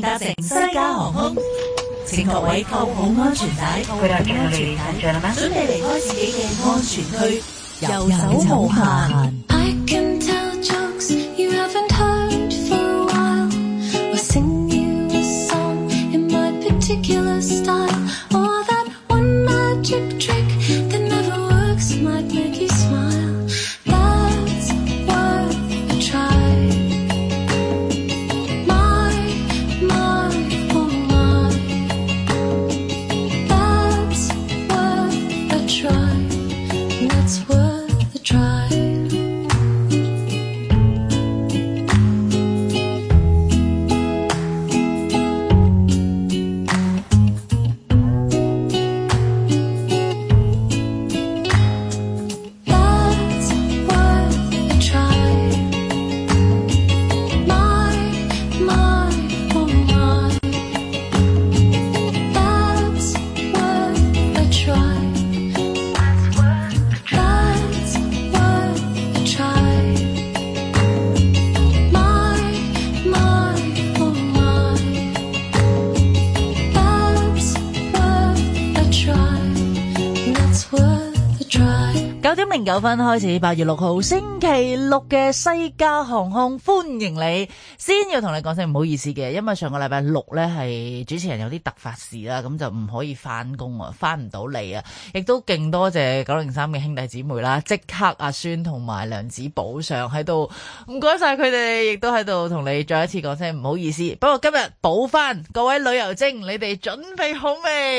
搭乘西加航空，請各位扣好安全帶，繫安全帶，準備離開自己嘅安全區，右手無限。九分開始，八月六號星期六嘅西加航空歡迎你。先要同你講聲唔好意思嘅，因為上個禮拜六呢係主持人有啲突發事啦，咁就唔可以翻工啊，翻唔到嚟啊。亦都勁多謝九零三嘅兄弟姊妹啦，即刻阿孫同埋梁子補上喺度，唔該晒佢哋，亦都喺度同你再一次講聲唔好意思。不過今日補翻，各位旅遊精，你哋準備好未？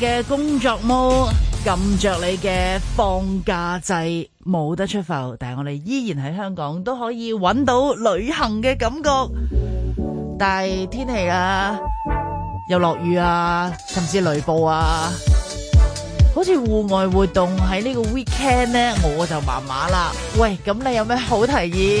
嘅工作摸撳着你嘅放假掣冇得出埠。但係我哋依然喺香港都可以揾到旅行嘅感覺。但係天氣啊，又落雨啊，甚至雷暴啊，好似戶外活動喺呢個 weekend 呢，我就麻麻啦。喂，咁你有咩好提議？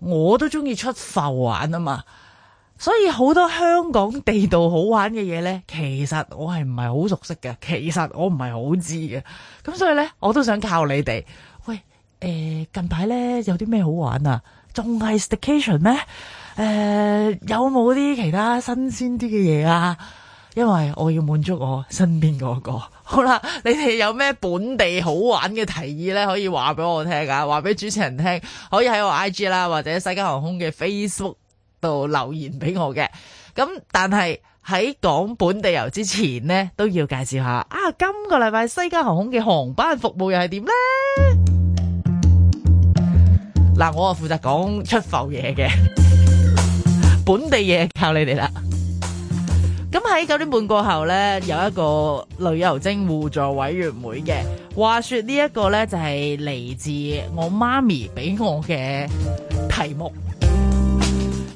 我都中意出埠玩啊嘛，所以好多香港地道好玩嘅嘢咧，其實我係唔係好熟悉嘅，其實我唔係好知嘅，咁所以咧，我都想靠你哋喂，誒、呃，近排咧有啲咩好玩啊？仲係 staycation 咩？誒、呃，有冇啲其他新鮮啲嘅嘢啊？因為我要滿足我身邊嗰、那個。好啦，你哋有咩本地好玩嘅提議呢？可以話俾我聽啊，話俾主持人聽，可以喺我 IG 啦，或者西加航空嘅 Facebook 度留言俾我嘅。咁但係喺講本地遊之前呢，都要介紹下啊，今個禮拜西加航空嘅航班服務又係點呢？嗱， 我啊負責講出埠嘢嘅，本地嘢靠你哋啦。咁喺九點半過後咧，有一個旅遊精互助委員會嘅。話說呢一個咧，就係、是、嚟自我媽咪俾我嘅題目。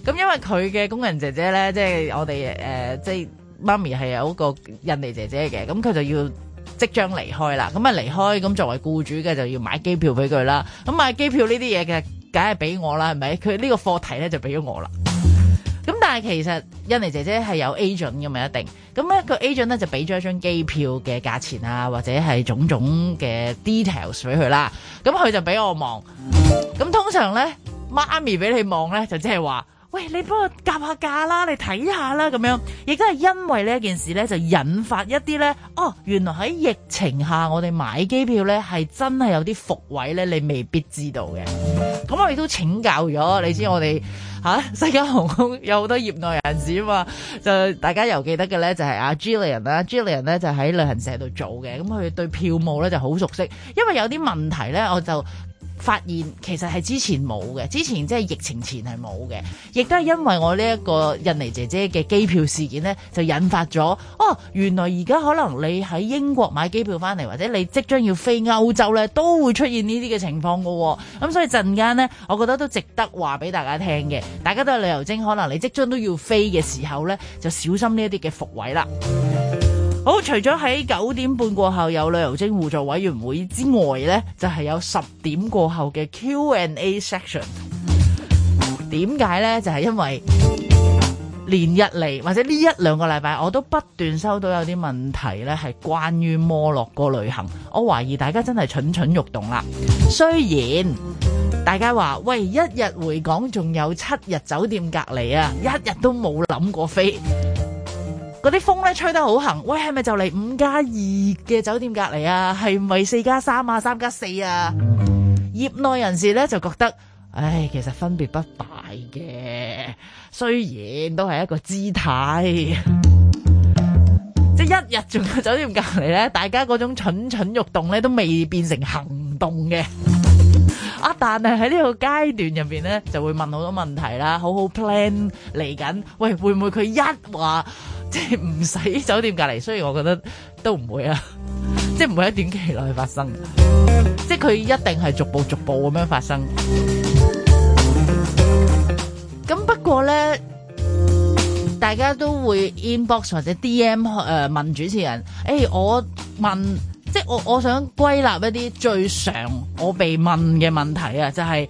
咁因為佢嘅工人姐姐咧，即係我哋誒、呃，即係媽咪係有一個印尼姐姐嘅。咁佢就要即將離開啦。咁啊離開，咁作為僱主嘅就要買機票俾佢啦。咁買機票呢啲嘢嘅，梗係俾我啦，係咪？佢呢個課題咧就俾咗我啦。咁但係其實印尼姐姐係有 agent 嘅咪一定，咁、那、咧個 agent 咧就俾咗一張機票嘅價錢啊，或者係種種嘅 details 俾佢啦。咁佢就俾我望。咁通常咧，媽咪俾你望咧，就即係話，喂，你幫我夾下價啦，你睇下啦，咁樣。亦都係因為呢一件事咧，就引發一啲咧，哦，原來喺疫情下，我哋買機票咧係真係有啲伏位咧，你未必知道嘅。咁我亦都請教咗，你知我哋。吓、啊、世界航空有好多業內人士啊嘛，就大家又記得嘅咧，就係、是、阿、啊、Gillian 啦、啊、，Gillian 咧就喺旅行社度做嘅，咁、嗯、佢對票務咧就好熟悉，因為有啲問題咧，我就。發現其實係之前冇嘅，之前即係疫情前係冇嘅，亦都係因為我呢一個印尼姐姐嘅機票事件呢，就引發咗哦。原來而家可能你喺英國買機票翻嚟，或者你即將要飛歐洲呢，都會出現呢啲嘅情況㗎喎。咁所以陣間呢，我覺得都值得話俾大家聽嘅。大家都係旅遊精，可能你即將都要飛嘅時候呢，就小心呢一啲嘅伏位啦。好，除咗喺九點半過後有旅遊精互助委員會之外呢就係有十點過後嘅 Q and A section。點解呢？就係因為連日嚟或者呢一兩個禮拜，我都不斷收到有啲問題呢係關於摩洛哥旅行。我懷疑大家真係蠢蠢欲動啦。雖然大家話喂，一日回港仲有七日酒店隔離啊，一日都冇諗過飛。嗰啲風咧吹得好行，喂，係咪就嚟五加二嘅酒店隔離啊？係咪四加三啊？三加四啊？業內人士咧就覺得，唉，其實分別不大嘅，雖然都係一個姿態，即係一日仲有酒店隔離咧，大家嗰種蠢蠢欲動咧都未變成行動嘅啊。但係喺呢個階段入邊咧，就會問好多問題啦。好好 plan 嚟緊，喂，會唔會佢一話？即係唔使酒店隔籬，所以我覺得都唔會啊，即係唔會喺短期內發生。即係佢一定係逐步逐步咁樣發生。咁 不過咧，大家都會 inbox 或者 DM 誒、呃、問主持人，誒、欸、我問，即係我我想歸納一啲最常我被問嘅問題啊，就係、是、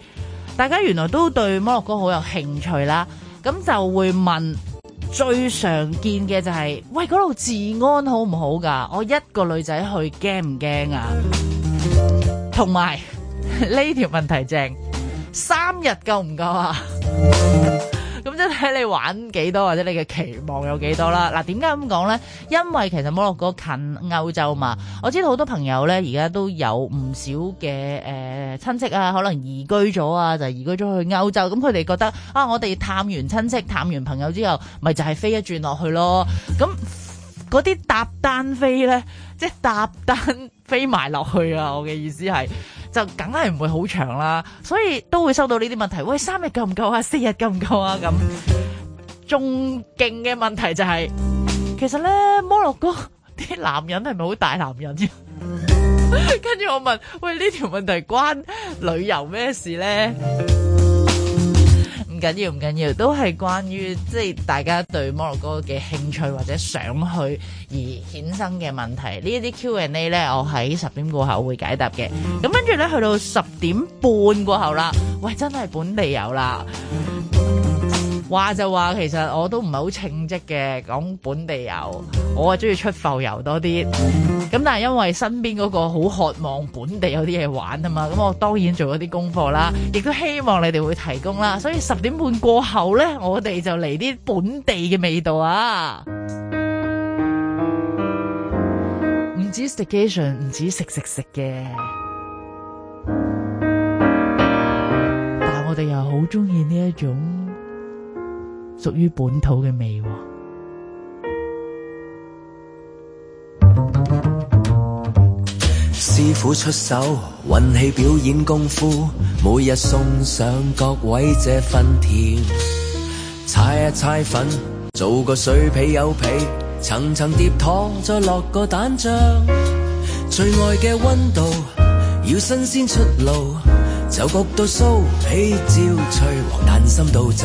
大家原來都對摩洛哥好有興趣啦，咁就會問。最常見嘅就係、是，喂嗰度治安好唔好噶？我一個女仔去驚唔驚啊？同埋呢條問題正，三日夠唔夠啊？ 睇你玩幾多或者你嘅期望有幾多啦，嗱、啊，點解咁講咧？因為其實摩洛哥近歐洲嘛，我知道好多朋友咧而家都有唔少嘅誒親戚啊，可能移居咗啊，就移居咗去歐洲，咁佢哋覺得啊，我哋探完親戚、探完朋友之後，咪就係飛一轉落去咯。咁嗰啲搭單飛咧，即係搭單飛埋落去啊！我嘅意思係。就梗係唔會好長啦，所以都會收到呢啲問題。喂，三日夠唔夠啊？四日夠唔夠啊？咁仲勁嘅問題就係，其實咧摩洛哥啲男人係咪好大男人？跟住我問，喂，呢條問題關旅遊咩事咧？唔緊要，唔緊要，都係關於即係大家對摩洛哥嘅興趣或者想去而衍生嘅問題。這些 Q&A，呢一啲 Q and A 咧，我喺十點過後會解答嘅。咁跟住咧，去到十點半過後啦，喂，真係本地有啦。話就話，其實我都唔係好稱職嘅，講本地遊，我啊中意出埠遊多啲。咁但係因為身邊嗰個好渴望本地有啲嘢玩啊嘛，咁我當然做咗啲功課啦，亦都希望你哋會提供啦。所以十點半過後咧，我哋就嚟啲本地嘅味道啊，唔止 station，唔止食食食嘅，但係我哋又好中意呢一種。屬於本土嘅味道。師傅出手，運氣表演功夫，每日送上各位這份甜。踩一踩粉，做個水皮油皮，層層疊糖，再落個蛋漿。最愛嘅溫度，要新鮮出爐，就焗到酥皮焦脆，黃蛋心到陣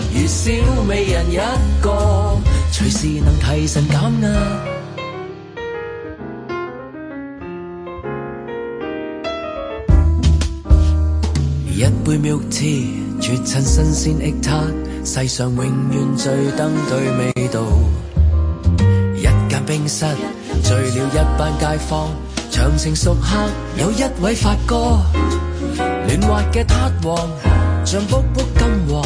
如小美人一個，隨時能提神減壓、啊。 一杯 milk tea 絕襯新鮮撻，世上永遠最登對味道。一間冰室醉了一班街坊，長情熟客有一位發哥，嫩滑嘅撻王像卜卜金黃。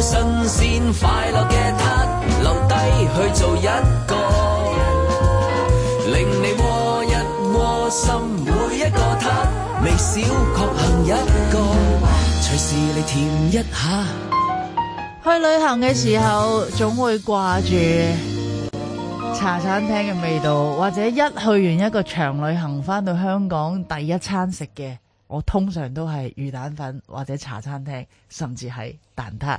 新鮮快樂嘅撻，留低去做一個，令你窩一窩心，每一個撻微小確幸一個，隨時你填一下。去旅行嘅時候總會掛住茶餐廳嘅味道，或者一去完一個長旅行翻到香港第一餐食嘅，我通常都係魚蛋粉或者茶餐廳，甚至係蛋撻。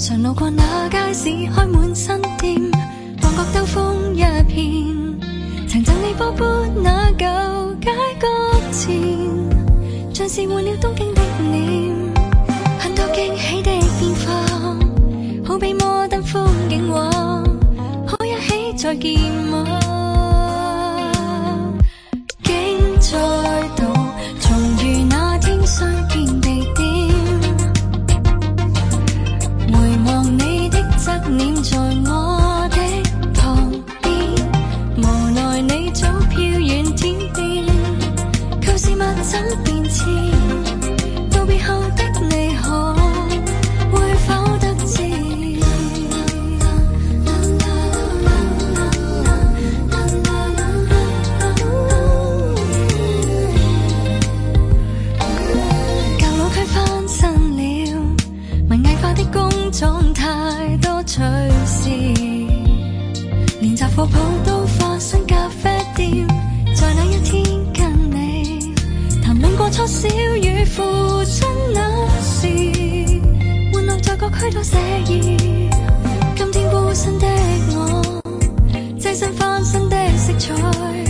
常路過那街市開滿新店，旺角兜風一片。曾贈你波板那舊街角前，像是換了東京的臉。很多驚喜的變化，好比摩登風景畫，可一起再見嗎？竟再度重遇那天上。多少與父親那時，歡樂在各區都寫意。今天孤身的我，棲身翻身的色彩。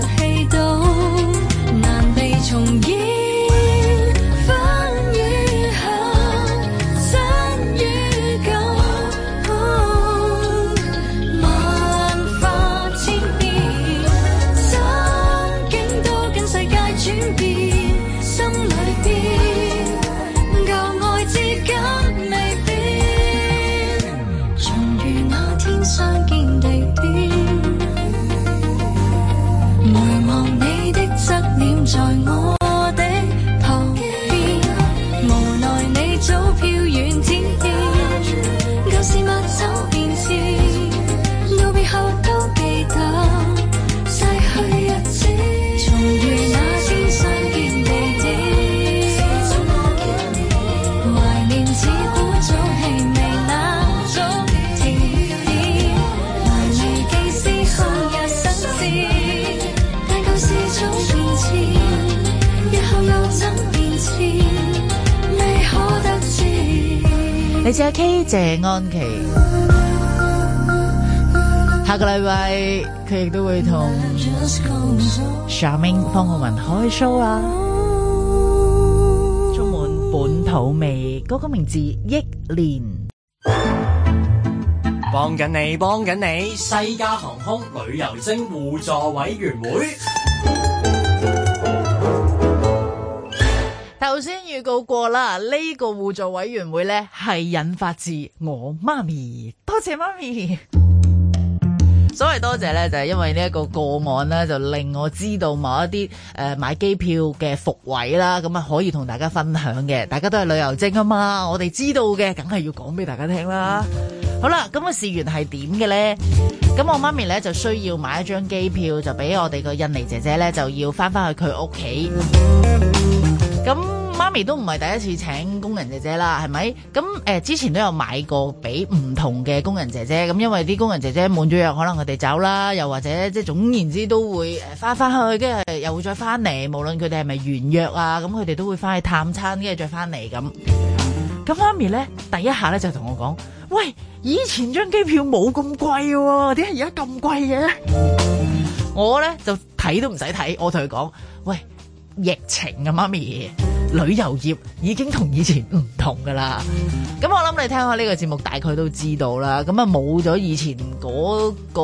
謝 K 謝安琪，下個禮拜佢亦都會同 Shining 方浩文開 show 啊。充滿本土味，嗰個名字億連，幫緊你幫緊你，西加航空旅遊精互助委員會。到過啦，呢、這個互助委員會呢係引發自我媽咪，多謝媽咪。 所謂多謝呢，就係、是、因為呢一個個案呢，就令我知道某一啲誒、呃、買機票嘅伏位啦，咁啊可以同大家分享嘅。大家都係旅遊精啊嘛，我哋知道嘅，梗係要講俾大家聽啦。好啦，咁啊事源係點嘅呢？咁我媽咪呢就需要買一張機票，就俾我哋個印尼姐姐呢，就要翻翻去佢屋企咁。媽咪都唔係第一次請工人姐姐啦，係咪？咁誒、呃，之前都有買過俾唔同嘅工人姐姐。咁因為啲工人姐姐滿咗約，可能佢哋走啦，又或者即係總言之都會誒翻翻去，跟住又會再翻嚟。無論佢哋係咪完約啊，咁佢哋都會翻去探親，跟住再翻嚟咁。咁媽咪咧第一下咧就同我講：，喂，以前張機票冇咁貴喎，點解而家咁貴嘅？我咧就睇都唔使睇，我同佢講：，喂，疫情啊，媽咪。旅遊業已經同以前唔同噶啦，咁我諗你聽下呢個節目大概都知道啦。咁啊冇咗以前嗰個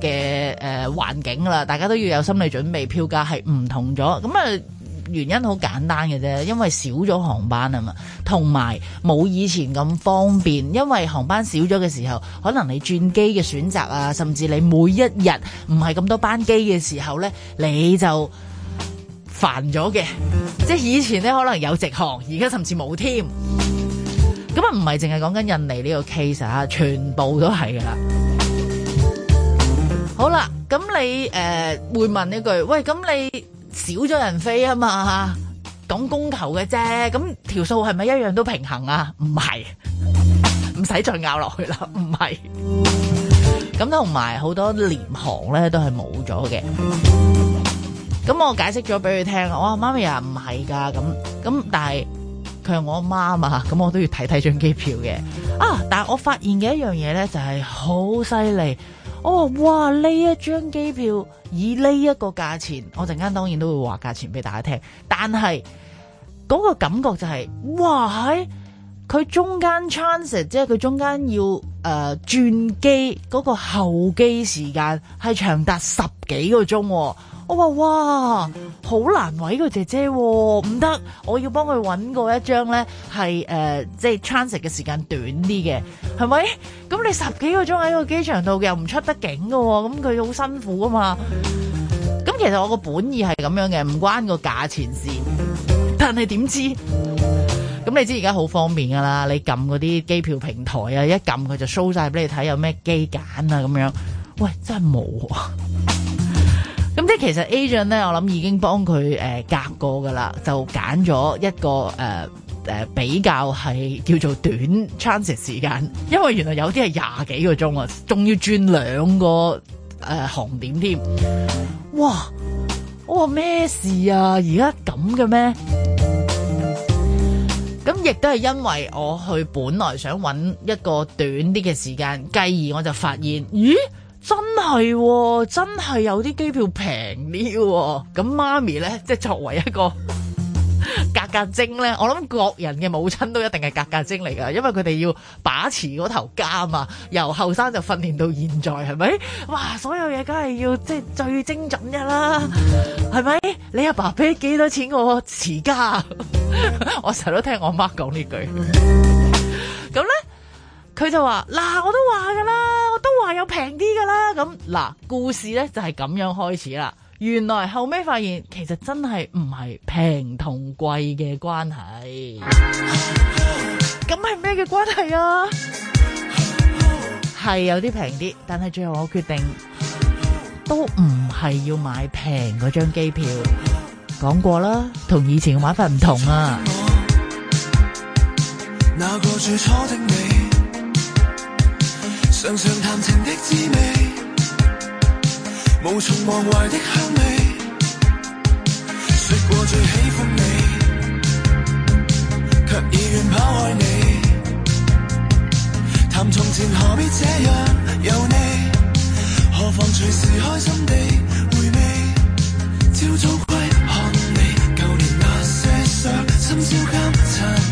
嘅誒環境啦，大家都要有心理準備，票價係唔同咗。咁啊原因好簡單嘅啫，因為少咗航班啊嘛，同埋冇以前咁方便。因為航班少咗嘅時候，可能你轉機嘅選擇啊，甚至你每一日唔係咁多班機嘅時候呢，你就煩咗嘅，即係以前咧可能有直航，而家甚至冇添。咁啊，唔係淨係講緊印尼呢個 case 啊，全部都係噶啦。好啦，咁你誒、呃、會問呢句，喂，咁你少咗人飛啊嘛，講講供求嘅啫，咁條數係咪一樣都平衡啊？唔係，唔 使再拗落去啦，唔係。咁同埋好多廉航咧都係冇咗嘅。咁我解釋咗俾佢聽，我話媽咪啊，唔係噶咁咁，但係佢係我阿媽啊嘛，咁我都要睇睇張機票嘅啊。但係我發現嘅一樣嘢咧，就係好犀利。我話哇，呢一張機票以呢一個價錢，我陣間當然都會話價錢俾大家聽，但係嗰個感覺就係哇，喺佢中間 transfer 即係佢中間要誒轉機嗰個候機時間係長達十幾個鐘。我話哇，好難為個姐姐，啊，唔得，我要幫佢搵過一張咧，係、呃、誒，即、就、係、是、transit 嘅時間短啲嘅，係咪？咁你十幾個鐘喺個機場度，又唔出得境噶，啊，咁佢好辛苦噶嘛。咁其實我個本意係咁樣嘅，唔關個價錢事。但係點知？咁你知而家好方便噶啦，你撳嗰啲機票平台啊，一撳佢就 show 晒俾你睇有咩機揀啊，咁樣。喂，真係冇啊 咁即係其實 agent 咧，我諗已經幫佢誒隔過噶啦，就揀咗一個誒誒、呃呃、比較係叫做短 chance 時間，因為原來有啲係廿幾個鐘啊，仲要轉兩個誒航、呃、點添。哇！我話咩事啊？而家咁嘅咩？咁亦都係因為我去本來想揾一個短啲嘅時間，繼而我就發現，咦？真係、哦，真係有啲機票平啲、哦。咁媽咪咧，即係作為一個 格格精咧，我諗各人嘅母親都一定係格格精嚟噶，因為佢哋要把持嗰頭家啊，由後生就訓練到現在，係咪？哇，所有嘢梗係要即係最精準噶啦，係咪？你阿爸俾幾多錢我持家？ 我成日都聽我媽講 呢句。咁咧，佢就話：嗱，我都話噶啦。都話有平啲㗎啦，咁，嗱，故事呢就係、是、咁樣開始啦。原來後尾發現其實真係唔係平同貴嘅關係，咁係咩嘅關係啊？係有啲平啲，但係最後我決定都唔係要買平嗰張機票。講過啦，同以前嘅玩法唔同啊。常常談情的滋味，無從忘懷的香味。說過最喜歡你，卻已願拋開你。談從前何必這樣有你？何妨隨時開心地回味。朝早歸看你，舊年那些傷，深宵感嘆。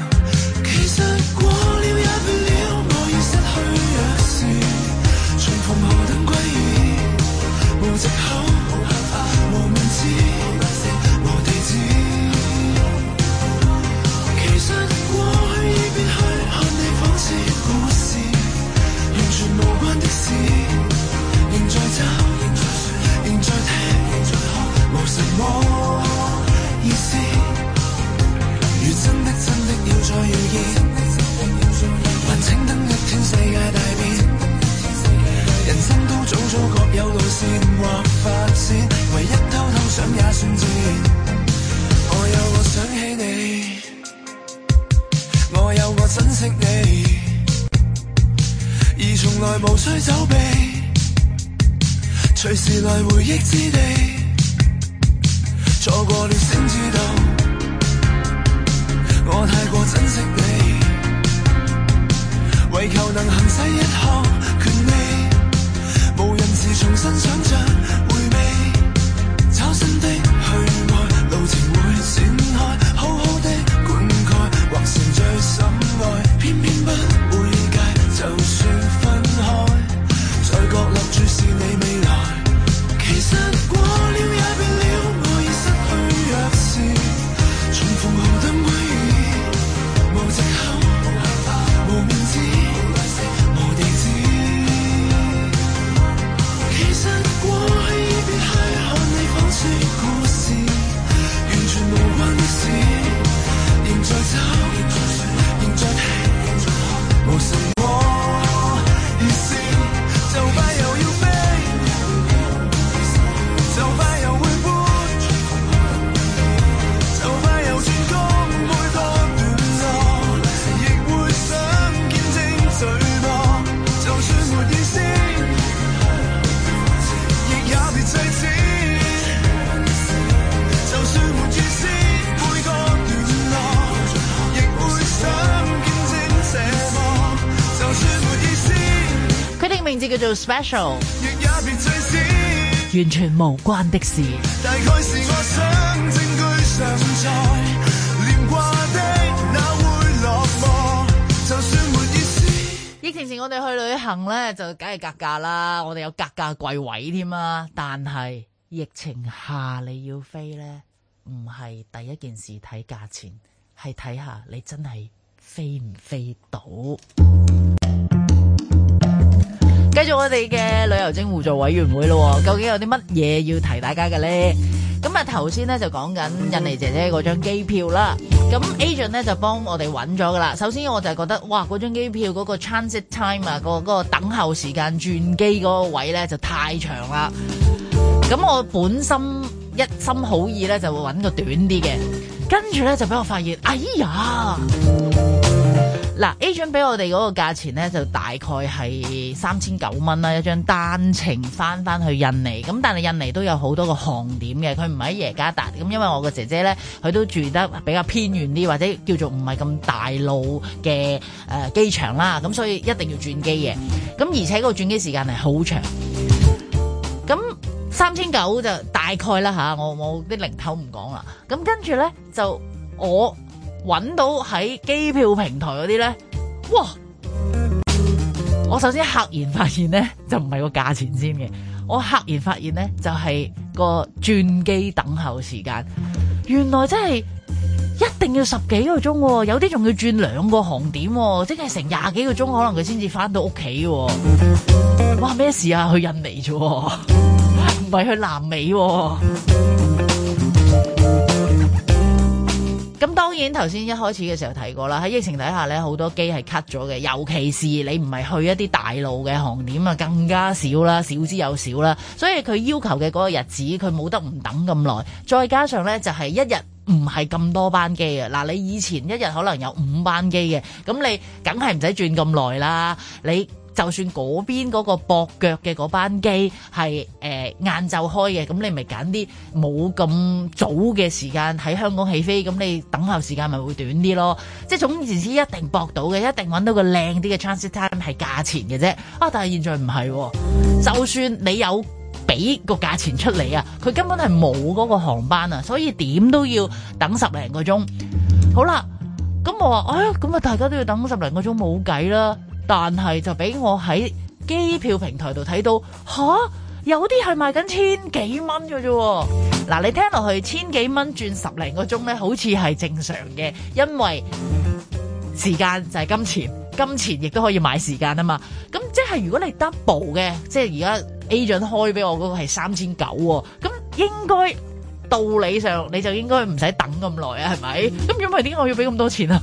珍惜你，而從來無需走避，隨時來回憶之地。錯過了，先知道我太過珍惜你，為求能行使一項權利，無人時重新想着回味，找新的去愛，路程會展開。好或是最深愛，偏偏不會理解，就算分開，在角落注視你未來。其實。叫做 special，完全無關的事。就算會意思。疫情前我哋去旅行咧就梗係格價啦，我哋有格價貴位添啊！但係疫情下你要飛咧，唔係第一件事睇價錢，係睇下你真係飛唔飛到。繼續我哋嘅旅遊精互助委員會咯，究竟有啲乜嘢要提大家嘅咧？咁啊頭先咧就講緊印尼姐姐嗰張機票啦，咁 agent 咧就幫我哋揾咗噶啦。首先我就係覺得，哇，嗰張機票嗰個 transit time 啊，個嗰個等候時間轉機嗰個位咧就太長啦。咁我本身一心好意咧，就會揾個短啲嘅，跟住咧就俾我發現，哎呀！嗱 A 准俾我哋嗰個價錢咧，就大概係三千九蚊啦，一張單程返返去印尼。咁但係印尼都有好多個航點嘅，佢唔喺耶加達。咁因為我個姐姐咧，佢都住得比較偏遠啲，或者叫做唔係咁大路嘅、呃、機場啦。咁所以一定要轉機嘅。咁而且個轉機時間係好長。咁三千九就大概啦嚇，我我啲零頭唔講啦。咁跟住咧就我。揾到喺機票平台嗰啲咧，哇！我首先赫然發現咧，就唔係個價錢先嘅，我赫然發現咧，就係、是、個轉機等候時間。原來真係一定要十幾個鐘喎，有啲仲要轉兩個航點喎，即係成廿幾個鐘，可能佢先至返到屋企喎。哇！咩事啊？去印尼啫喎，唔係去南美喎。當然，頭先一開始嘅時候提過啦，喺疫情底下咧，好多機係 cut 咗嘅，尤其是你唔係去一啲大路嘅航點啊，更加少啦，少之又少啦。所以佢要求嘅嗰個日子，佢冇得唔等咁耐。再加上呢，就係一日唔係咁多班機啊。嗱，你以前一日可能有五班機嘅，咁你梗係唔使轉咁耐啦。你就算嗰邊嗰個駁腳嘅嗰班機係誒晏晝開嘅，咁你咪揀啲冇咁早嘅時間喺香港起飛，咁你等候時間咪會短啲咯。即係總言之，一定駁到嘅，一定揾到個靚啲嘅 transit time 係價錢嘅啫。啊！但係現在唔係，就算你有俾個價錢出嚟啊，佢根本係冇嗰個航班啊，所以點都要等十零個鐘。好啦，咁我話呀，咁、哎、啊，大家都要等十零個鐘冇計啦。但係就俾我喺機票平台度睇到吓，有啲係賣緊千幾蚊嘅啫。嗱、啊，你聽落去千幾蚊轉十零個鐘咧，好似係正常嘅，因為時間就係金錢，金錢亦都可以買時間啊嘛。咁即係如果你 double 嘅，即係而家 agent 開俾我嗰個係三千九喎，咁應該道理上你就應該唔使等咁耐啊，係咪？咁因為點解我要俾咁多錢啊？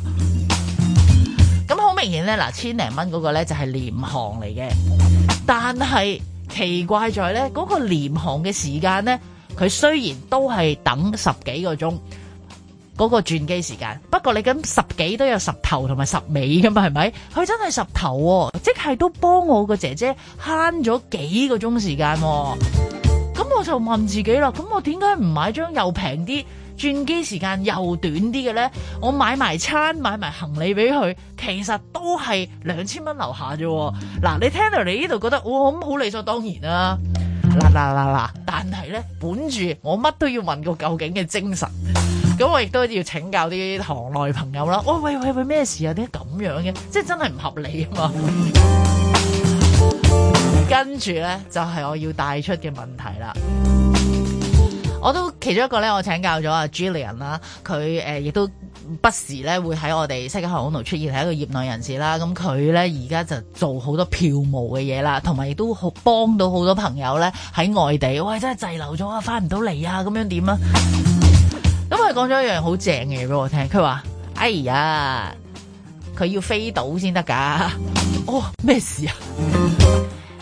明顯咧，嗱，千零蚊嗰個咧就係廉航嚟嘅，但係奇怪在咧嗰、嗰個廉航嘅時間咧，佢雖然都係等十幾個鐘嗰、嗰個轉機時間，不過你咁十幾都有十頭同埋十尾噶嘛，係咪？佢真係十頭、喎，即係都幫我個姐姐慳咗幾個鐘時間、喎。咁我就問自己啦，咁我點解唔買張又平啲？轉機時間又短啲嘅咧，我買埋餐買埋行李俾佢，其實都係兩千蚊樓下啫。嗱、啊，你聽到你呢度覺得我咁好理所當然啦啦嗱，嗱、啊，嗱、啊啊啊，但係咧，本住我乜都要問個究竟嘅精神，咁我亦都要請教啲行內朋友啦。喂喂喂喂，咩事啊？點解咁樣嘅？即係真係唔合理啊嘛！ 跟住咧，就係、是、我要帶出嘅問題啦。我都其中一個咧，我請教咗阿 Julian 啦，佢、呃、亦都不時咧會喺我哋《西加航空》度出現，係一個業內人士啦。咁佢咧而家就做好多票務嘅嘢啦，同埋亦都好幫到好多朋友咧喺外地。喂，真係滯留咗啊，翻唔到嚟啊，咁樣點啊？咁佢講咗一樣好正嘅嘢俾我聽，佢話：哎呀，佢要飛到先得㗎。哦，咩事啊？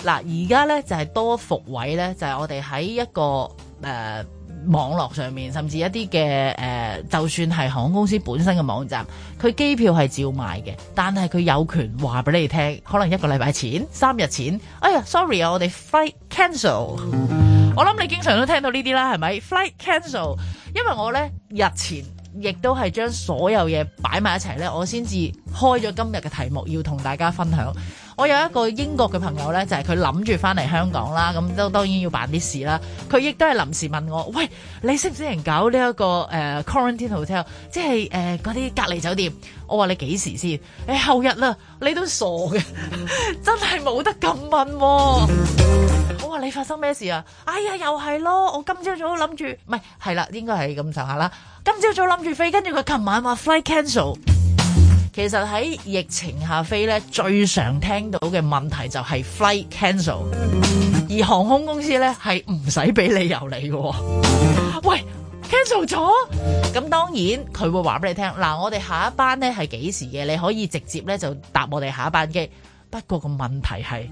嗱、嗯，而家咧就係多伏位咧，就係、是就是、我哋喺一個、呃網絡上面，甚至一啲嘅誒，就算係航空公司本身嘅網站，佢機票係照賣嘅，但係佢有權話俾你聽，可能一個禮拜前、三日前，哎呀，sorry 啊，我哋 flight cancel。 我諗你經常都聽到呢啲啦，係咪 flight cancel？因為我呢日前亦都係將所有嘢擺埋一齊呢。我先至開咗今日嘅題目，要同大家分享。我有一個英國嘅朋友咧，就係佢諗住翻嚟香港啦，咁都當然要辦啲事啦。佢亦都係臨時問我，喂，你識唔識人搞呢、這、一個、呃、quarantine hotel，即係誒嗰啲隔離酒店？我話你幾時先？你、欸、後日啦，你都傻嘅， 真係冇得咁問、喔。我話你發生咩事啊？哎呀，又係咯，我今朝早諗住，唔係，係啦，應該係咁上下啦。今朝早諗住飛，跟住佢琴晚話 flight cancel。其實喺疫情下飛咧，最常聽到嘅問題就係 flight cancel，而航空公司咧係唔使俾理由你喎。喂，cancel 咗？咁當然，佢會話俾你聽。嗱，我哋下一班咧係幾時嘅？你可以直接咧就搭我哋下一班機。不過個問題係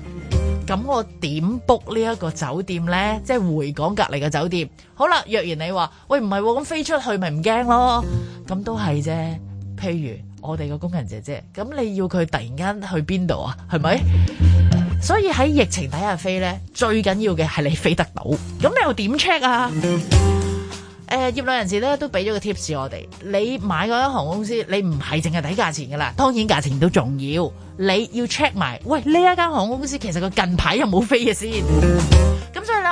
咁，我點 book 呢一個酒店咧？即係回港隔離嘅酒店。好啦，若然你話喂，唔係咁飛出去，咪唔驚咯？咁都係啫。譬如。我哋個工人姐姐，咁你要佢突然間去邊度啊？係咪？ 所以喺疫情底下飛咧，最緊要嘅係你飛得到。咁你又點 check 啊？誒、 呃，業內人士咧都俾咗個 tips 我哋，你買嗰間航空公司，你唔係淨係睇價錢噶啦，當然價錢都重要，你要 check 埋。喂，呢一間航空公司其實個近排有冇飛嘅先？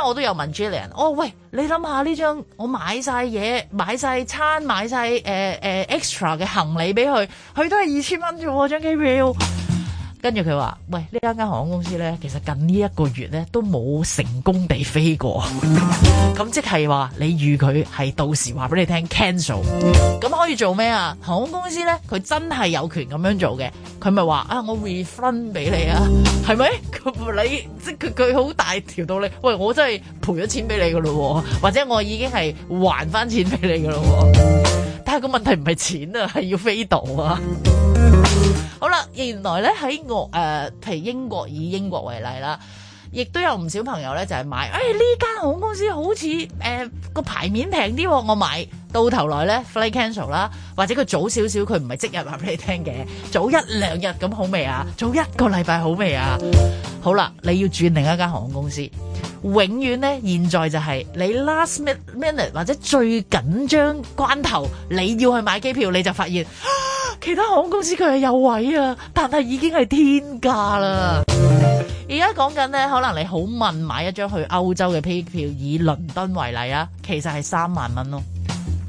我都有問 Jillian，哦，喂，你諗下呢張我買晒嘢，買晒餐，買晒誒誒 extra 嘅行李俾佢，佢都係二千蚊啫喎，張機票。跟住佢話，喂，呢間間航空公司咧，其實近呢一個月咧都冇成功地飛過，咁、 嗯、即係話你預佢係到時話俾你聽 cancel，咁可以做咩啊？航空公司咧，佢真係有權咁樣做嘅，佢咪話啊，我 refund 俾你啊，係咪？即你即佢佢好大條道理，喂，我真係賠咗錢俾你噶咯、啊，或者我已經係還翻錢俾你噶咯、啊，但係個問題唔係錢啊，係要飛到啊！ 好啦，原來咧喺我誒，譬、呃、如英國以英國為例啦，亦都有唔少朋友咧就係買，誒呢間航空公司好似誒個牌面平啲，我買到頭來咧，fly cancel 啦，或者佢早少少，佢唔係即日話俾你聽嘅，早一兩日咁好味好未啊？早一個禮拜好未啊？好啦，你要轉另一間航空公司，永遠咧現在就係你 last minute 或者最緊張關頭，你要去買機票，你就發現。其他航空公司佢係有位啊，但係已經係天價啦。而家講緊咧，可能你好問買一張去歐洲嘅票，以倫敦為例啊，其實係三萬蚊咯。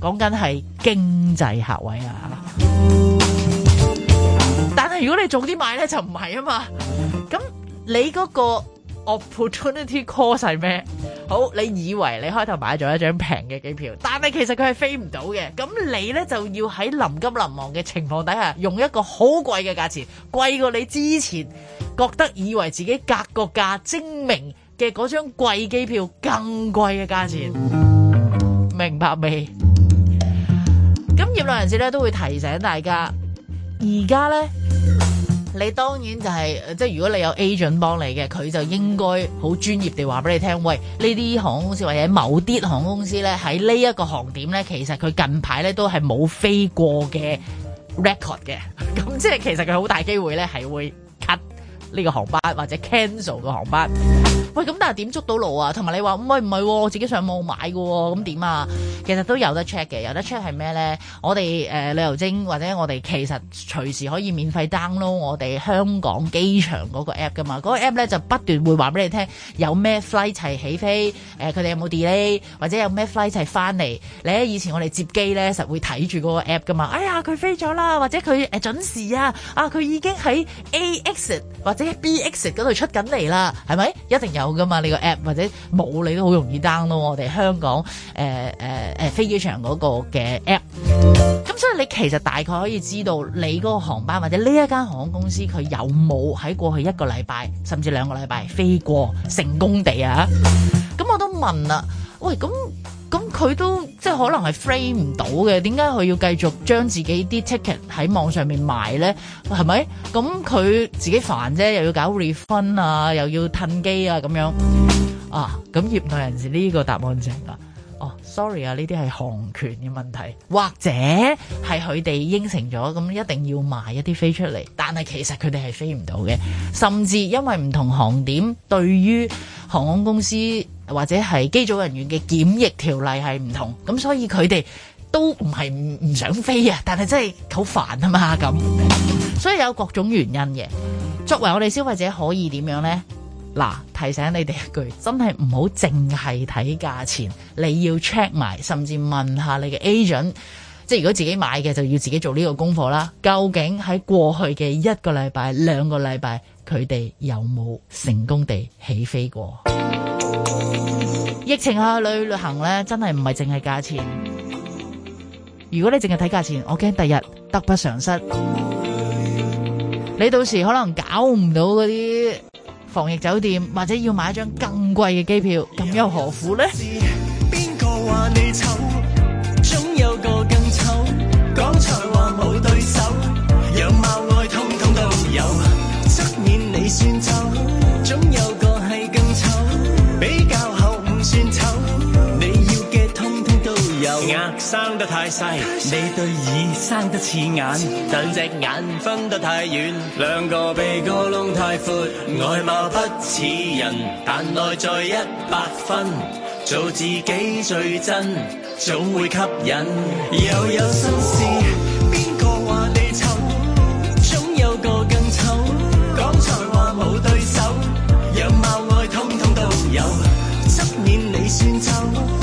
講緊係經濟客位啊，但係如果你早啲買咧就唔係啊嘛。咁你嗰、嗰個。Opportunity cost 係咩？好，你以為你開頭買咗一張平嘅機票，但係其實佢係飛唔到嘅，咁你呢就要喺臨急臨忙嘅情況底下，用一個好貴嘅價錢，貴過你之前覺得以為自己格個價精明嘅嗰張貴機票更貴嘅價錢，明白未？咁業內人士咧都會提醒大家，而家呢。你當然就係、欸，即係如果你有 agent 幫你嘅，佢就應該好專業地話俾你聽，喂，呢啲航空公司或者某啲航空公司咧，喺呢一個航點咧，其實佢近排咧都係冇飛過嘅 record 嘅，咁即係其實佢好大機會咧係會 cut。呢、這個航班或者 cancel 嘅航班，喂咁但係點捉到路啊？同埋你話唔係唔係我自己上網買嘅喎，咁、嗯、點啊？其實都有得 check 嘅，有得 check 係咩咧？我哋誒、呃、旅遊精或者我哋其實隨時可以免費 download 我哋香港機場嗰個 app 噶嘛？嗰、那個、app 咧就不斷會話俾你聽有咩 flight 係起飛，誒佢哋有冇 delay 或者有咩 flight 係翻嚟。咧以前我哋接機咧實會睇住嗰個 app 噶嘛？哎呀佢飛咗啦，或者佢誒、啊、準時啊，啊佢已經喺 A exit 或者。BX 嗰度出緊嚟啦，係咪？一定有噶嘛？你個 app 或者冇你都好容易 down 咯。我哋香港誒誒誒，飛機場嗰個嘅 app。咁所以你其實大概可以知道你嗰個航班或者呢一間航空公司佢有冇喺過去一個禮拜甚至兩個禮拜飛過成功地啊？咁我都問啦，喂咁。咁佢都即係可能係 frame 唔到嘅，點解佢要繼續將自己啲 ticket 喺網上面賣咧？係咪？咁佢自己煩啫，又要搞 refund 啊，又要褪機啊，咁樣啊？咁業內人士呢個答案就係啦。哦，oh，sorry 啊，呢啲係航權嘅問題，或者係佢哋應承咗，咁一定要賣一啲飛出嚟，但係其實佢哋係飛唔到嘅，甚至因為唔同航點對於航空公司或者係機組人員嘅檢疫條例係唔同，咁所以佢哋都唔係唔想飛啊，但係真係好煩啊嘛，咁，所以有各種原因嘅。作為我哋消費者可以點樣呢？嗱，提醒你哋一句，真係唔好淨係睇價錢，你要 check 埋，甚至問下你嘅 agent，即係如果自己買嘅就要自己做呢個功課啦。究竟喺過去嘅一個禮拜、兩個禮拜，佢哋有冇成功地起飛過？ 疫情下去旅旅行呢，真係唔係淨係價錢。如果你淨係睇價錢，我驚第日得不償失。你到時可能搞唔到嗰啲。防疫酒店或者要買一張更貴嘅機票，咁又何苦呢？生得似眼，但只眼分得太遠，兩個鼻哥窿太闊，外貌不似人，但內在一百分，做自己最真，總會吸引。又有心事，邊個話你醜，總有個更醜。講才華冇對手，樣貌愛通通都有，側面你算醜。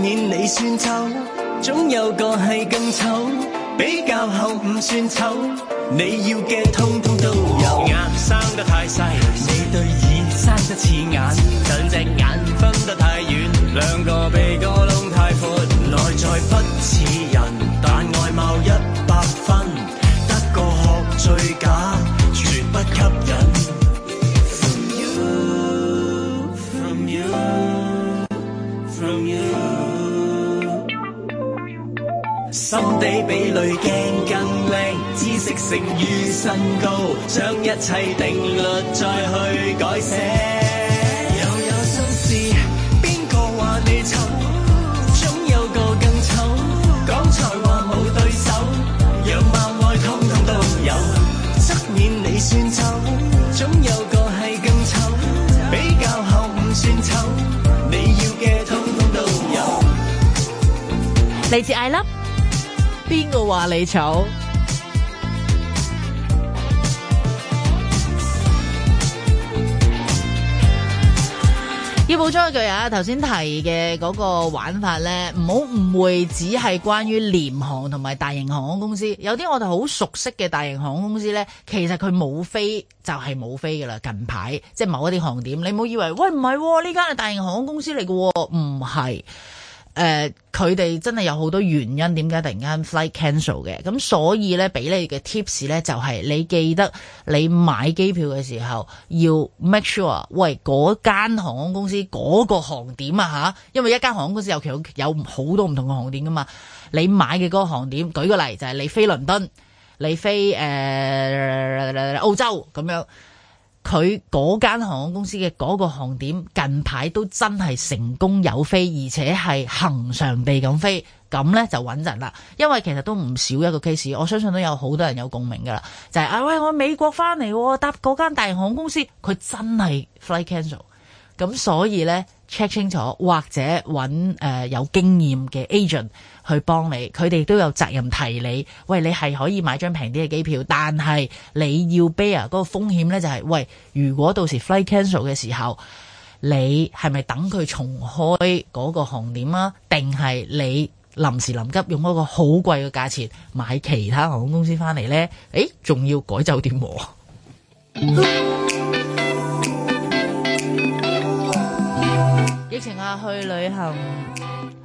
面你算醜，總有個係更醜，比較後唔算醜。你要嘅通通都有。額生得太細，你對耳生得刺眼，兩隻眼分得太遠，兩個鼻哥窿太闊，內在不似人，但外貌一百分，得個學最假，絕不吸引。心地比濾鏡更靚，知識勝於身高，將一切定律再去改寫。又 有新事，邊個話你醜？總有個更醜，講才華冇對手，媽媽樣貌愛通通都有，側面你算醜，總有個係更醜，比較後唔算醜，你要嘅通通都有。來自 I love。邊個話你醜？要補充一句啊，頭先提嘅嗰個玩法呢，唔好誤會，只係關於廉航同埋大型航空公司。有啲我哋好熟悉嘅大型航空公司呢，其實佢冇飛就係冇飛噶啦。近排即係某一啲航點，你唔好以為喂唔係呢間係大型航空公司嚟嘅，唔係。誒佢哋真係有好多原因點解突然間 flight cancel 嘅，咁，所以呢俾你嘅 tips 呢就係、是、你記得你買機票嘅時候要 make sure，喂嗰間航空公司嗰個航點啊嚇，因為一間航空公司有其有好多唔同嘅航點噶嘛，你買嘅嗰個航點舉個例就係、是、你飛倫敦，你飛誒、呃、澳洲咁樣。佢嗰間航空公司嘅嗰個航點近排都真係成功有飛，而且係恒常地咁飛，咁呢就穩陣啦。因為其實都唔少一個 case，我相信都有好多人有共鳴噶啦，就係、是、啊，喂，我喺美國翻嚟搭嗰間大型航空公司，佢真係 fly cancel，咁所以呢 check 清楚或者揾誒、呃、有經驗嘅 agent。去幫你，佢哋都有責任提你。喂，你係可以買張平啲嘅機票，但係你要 bear 嗰個風險呢、就係，就係喂，如果到時 fly cancel 嘅時候，你係咪等佢重開嗰個航點啊？定係你臨時臨急用嗰個好貴嘅價錢買其他航空公司翻嚟呢？咦，仲要改酒店喎？疫情下、啊、去旅行。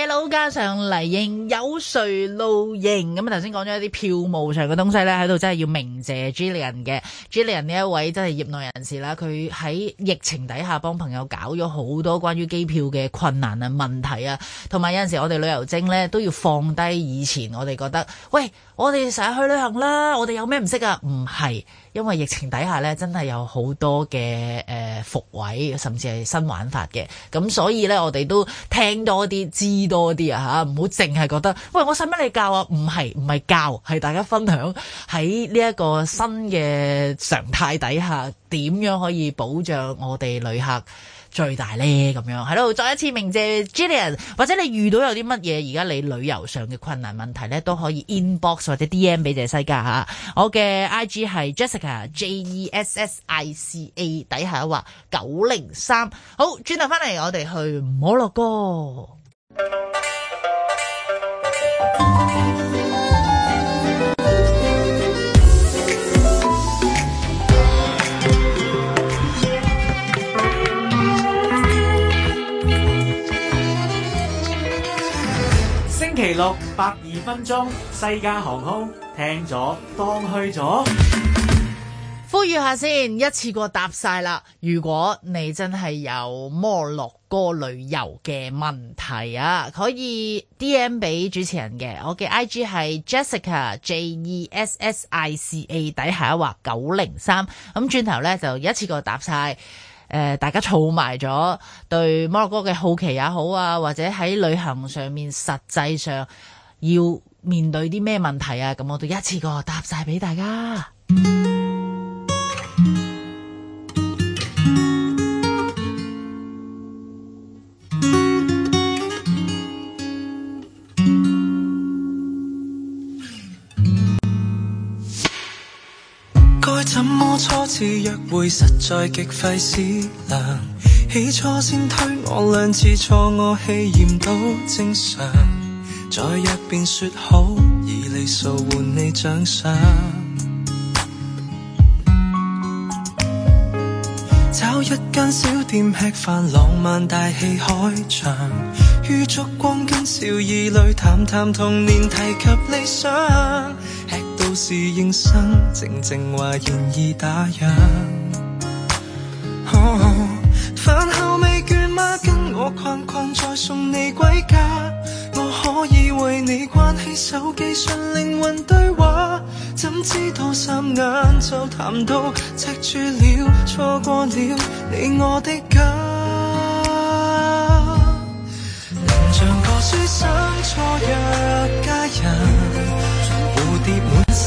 耶佬加上嚟應有誰露營咁啊！頭先講咗一啲票務上嘅東西咧，喺度真係要鳴謝 Jillian 嘅 Jillian 呢一位真係業內人士啦。佢喺疫情底下幫朋友搞咗好多關於機票嘅困難啊、問題啊，同埋有陣時我哋旅遊精咧都要放低以前我哋覺得，喂，我哋成日去旅行啦，我哋有咩唔識啊？唔係。因為疫情底下咧，真係有好多嘅誒伏位，甚至係新玩法嘅。咁所以咧，我哋都聽多啲，知多啲啊嚇！唔好淨係覺得，喂，我使乜你教啊？唔係唔係教，係大家分享喺呢一個新嘅常態底下，點樣可以保障我哋旅客。最大呢，咁樣，係咯，Hello, 再一次鳴謝 Jillian，或者你遇到有啲乜嘢而家你旅遊上嘅困難問題呢，都可以 inbox 或者 DM 俾謝西加、啊、我嘅 IG 係 Jessica J E S S I C A 底下話九零三。好，轉頭翻嚟我哋去摩洛哥。 星期六百二分鐘，世界航空聽咗當去咗，呼籲下先，一次過答晒啦！如果你真係有摩洛哥旅遊嘅問題啊，可以 D M 俾主持人嘅，我嘅 I G 係 Jessica J E S S I C A，底下 903, 一劃九零三，咁轉頭呢，就一次過答晒。誒、呃、大家儲埋咗對摩洛哥嘅好奇也好啊，或者喺旅行上面實際上要面對啲咩問題啊？咁我都一次過答晒俾大家。初次約會實在極費思量，起初先推我兩次挫我氣焰都正常，再約便說好以禮數換你獎賞，找一間小店吃飯浪漫大戲開場於燭光跟笑意裏談談童年提及理想。故事應聲，靜靜話現已打烊。飯、oh, oh、後未倦嗎？跟我逛逛，再送你歸家。我可以為你關起手機，純靈魂對話。怎知道霎眼就談到，赤柱了，錯過了你我的家。能 像個書生初約佳人。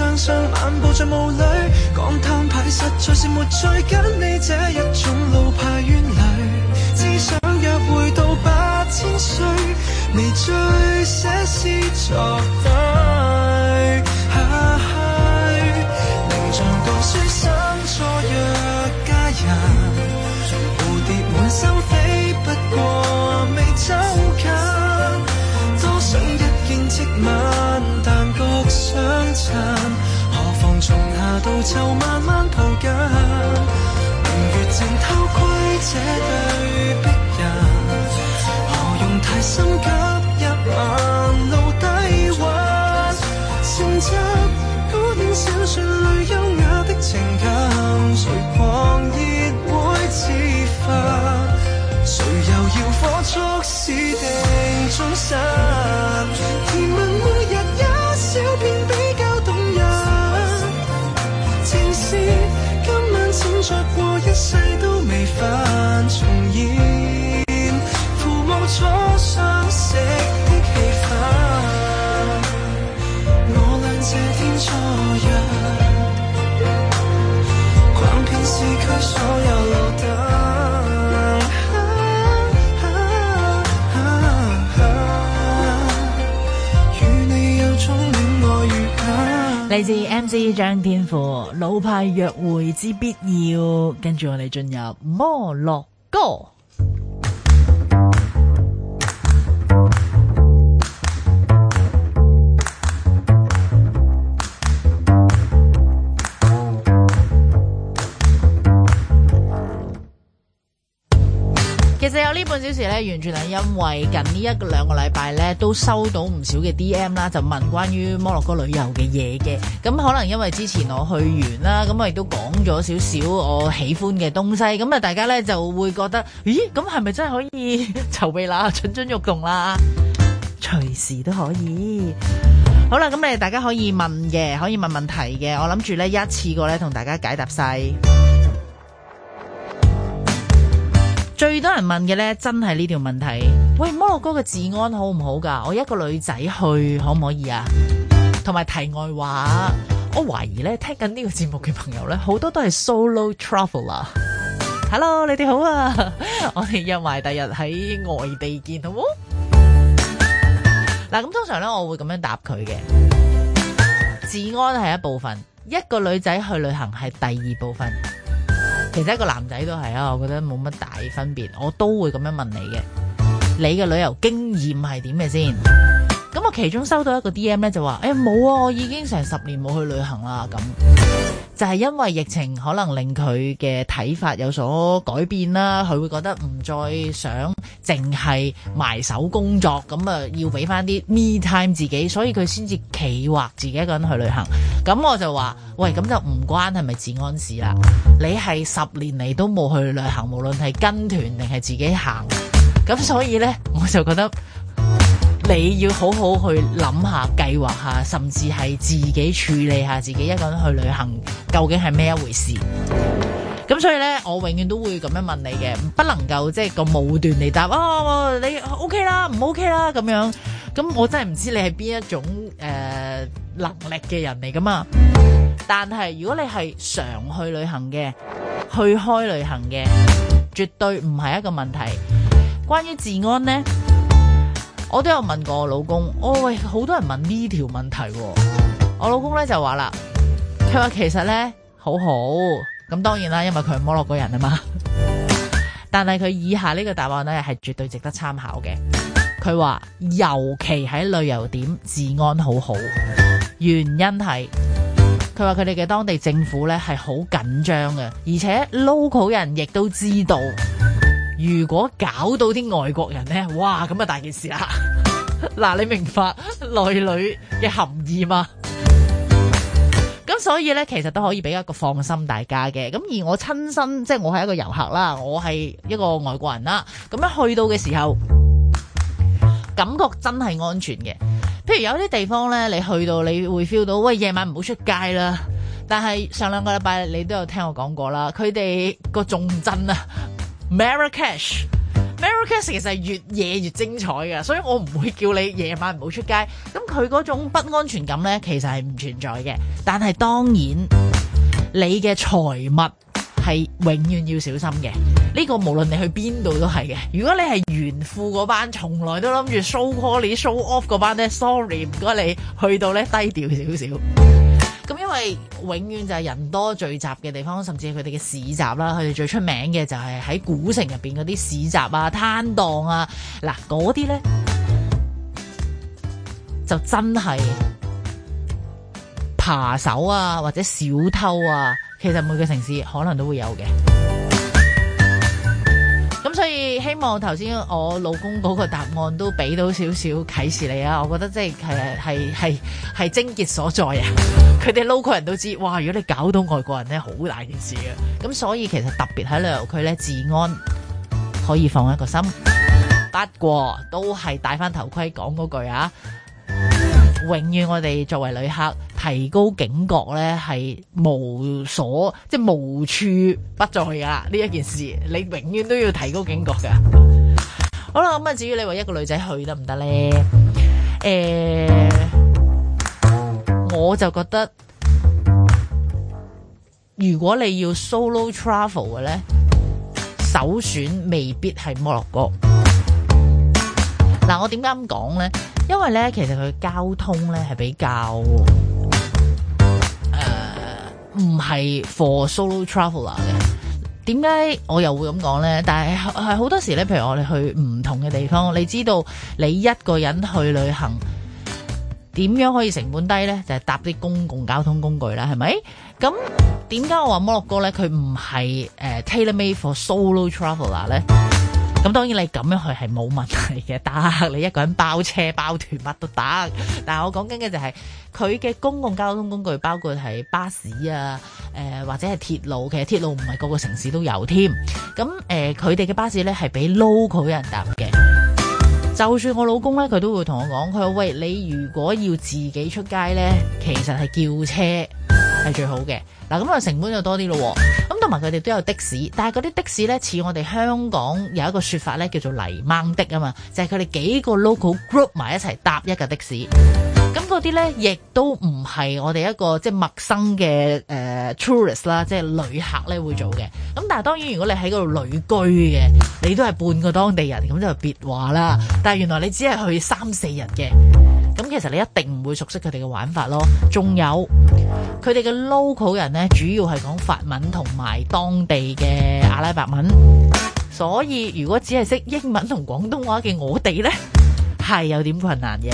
雙雙漫步在霧裏，講攤牌實在是沒再跟你這一種老派鴛侶，只想約會到八千歲，微醉寫詩作對，名將讀書生錯約佳人，蝴蝶滿心飛不過未走近，多想一見即吻。道就慢慢抱緊，明月正偷窺這對璧人，何用太心急？一晚露低溫，承襲古典小說裏優雅的情感，誰狂熱會自焚，誰又要火速？來自 MC 張天賦，老派約會之必要，跟住我哋進入摩洛哥。其實有呢半小時咧，完全係因為近這兩呢一兩個禮拜咧，都收到唔少嘅 DM 啦，就問關於摩洛哥旅遊嘅嘢嘅。咁可能因為之前我去完啦，咁我亦都講咗少少我喜歡嘅東西，咁啊大家咧就會覺得，咦，咁係咪真係可以籌備啦，蠢蠢欲動啦？隨時都可以。好啦，咁你大家可以問嘅，可以問問題嘅，我諗住咧一次過咧同大家解答晒。最多人問嘅咧，真係呢條問題。喂，摩洛哥嘅治安好唔好噶？我一個女仔去可唔可以啊？同埋題外話，我懷疑咧聽緊呢個節目嘅朋友咧，好多都係 solo traveller。Hello，你哋好啊！我哋約埋第日喺外地見好冇？嗱，咁通常咧，我會咁樣答佢嘅。治安係一部分，一個女仔去旅行係第二部分。其實一個男仔都係啊，我覺得冇乜大分別，我都會咁樣問你嘅，你嘅旅遊經驗係點嘅先？咁我其中收到一個 DM 咧，就話誒冇啊，我已經成十年冇去旅行啦，咁就係因為疫情可能令佢嘅睇法有所改變啦，佢會覺得唔再想淨係埋手工作，咁啊要俾翻啲 me time 自己，所以佢先至企劃自己一個人去旅行。咁我就話喂，咁就唔關係咪治安事啦，你係十年嚟都冇去旅行，無論係跟團定係自己行，咁所以呢，我就覺得。你要好好去諗下計劃下，甚至係自己處理下自己一個人去旅行，究竟係咩一回事？咁所以呢，我永遠都會咁樣問你嘅，不能夠即係個武斷嚟答、哦、你 OK 啦，唔 OK 啦咁樣，咁我真係唔知你係邊一種誒、呃、能力嘅人嚟噶嘛？但係如果你係常去旅行嘅，去開旅行嘅，絕對唔係一個問題。關於治安呢。我都有問過我老公，哦喂，好多人問呢條問題啊，我老公呢就話啦，佢話其實呢，好好，咁當然啦，因為佢係摩洛哥人啊嘛， 但係佢以下呢個答案呢係絕對值得參考嘅。佢話尤其喺旅遊點治安好好，原因係佢話佢哋嘅當地政府呢係好緊張嘅，而且 local 人亦都知道。如果搞到啲外國人呢？哇咁啊大件事啦！嗱， 你明白內裏嘅含義嘛？咁 所以呢，其實都可以俾一個放心大家嘅。咁而我親身，即係我係一個遊客啦，我係一個外國人啦。咁樣去到嘅時候，感覺真係安全嘅。譬如有啲地方呢，你去到你會 feel 到，喂，夜晚唔好出街啦。但係上兩個禮拜你都有聽我講過啦，佢哋個重鎮啊。Marrakech，Marrakech 其實越夜越精彩噶，所以我唔會叫你夜晚唔好出街。咁佢嗰種不安全感咧，其實係唔存在嘅。但係當然你嘅財物係永遠要小心嘅。呢個無論你去邊度都係嘅。如果你係炫富嗰班，從來都諗住 show, show off 嗰啲 show off 班咧，sorry 唔該你去到咧低調少少。咁因為永遠就係人多聚集嘅地方，甚至係佢哋嘅市集啦，佢哋最出名嘅就係喺古城入邊嗰啲市集啊、攤檔啊，嗱嗰啲咧就真係扒手啊或者小偷啊，其實每個城市可能都會有嘅。所以希望頭先我老公嗰個答案都俾到少少啟示你啊！我覺得即係係係係係症結所在啊！佢哋 local 人都知，哇！如果你搞到外國人咧，好大件事啊！咁所以其實特別喺旅遊區咧，治安可以放一個心。不過都係戴翻頭盔，講嗰句啊！永遠我哋作為旅客提高警覺咧，係無所即係無處不在噶啦呢一件事，你永遠都要提高警覺噶。 好啦，咁啊至於你話一個女仔去得唔得咧？誒、欸，我就覺得如果你要 solo travel 嘅咧，首選未必係摩洛哥。嗱，我點解咁講咧？因為咧，其實佢交通咧係比較誒，唔、呃、係 for solo traveller 嘅。點解我又會咁講咧？但係係好多時咧，譬如我哋去唔同嘅地方，你知道你一個人去旅行，點樣可以成本低咧？就係、是、搭啲公共交通工具啦，係咪？咁點解我話摩洛哥咧，佢唔係誒 tailor made for solo traveller 咧？咁當然你咁樣去係冇問題嘅，得你一個人包車包團乜都得。但係我講緊嘅就係佢嘅公共交通工具，包括係巴士啊，誒、呃、或者係鐵路。其實鐵路唔係個個城市都有添。咁誒佢哋嘅巴士呢係俾 local 人搭嘅。就算我老公呢，佢都會同我講，佢話：喂，你如果要自己出街呢，其實係叫車。係最好嘅。嗱，咁啊，成本就多啲咯，咁同埋佢哋都有的士，但係嗰啲的士呢，似我哋香港有一個說法呢，叫做泥掹的啊嘛，就係佢哋幾個 local group 埋一齊搭一架的士，咁嗰啲呢，亦都唔係我哋一個即係陌生嘅誒、呃、tourist 啦，即係旅客呢會做嘅，咁但係當然如果你喺嗰度旅居嘅，你都係半個當地人，咁就別話啦，但係原來你只係去三四日嘅。咁其實你一定唔會熟悉佢哋嘅玩法咯，仲有佢哋嘅 local 人呢，主要係講法文同埋當地嘅阿拉伯文，所以如果只係識英文同廣東話嘅我哋呢，係有點困難嘅。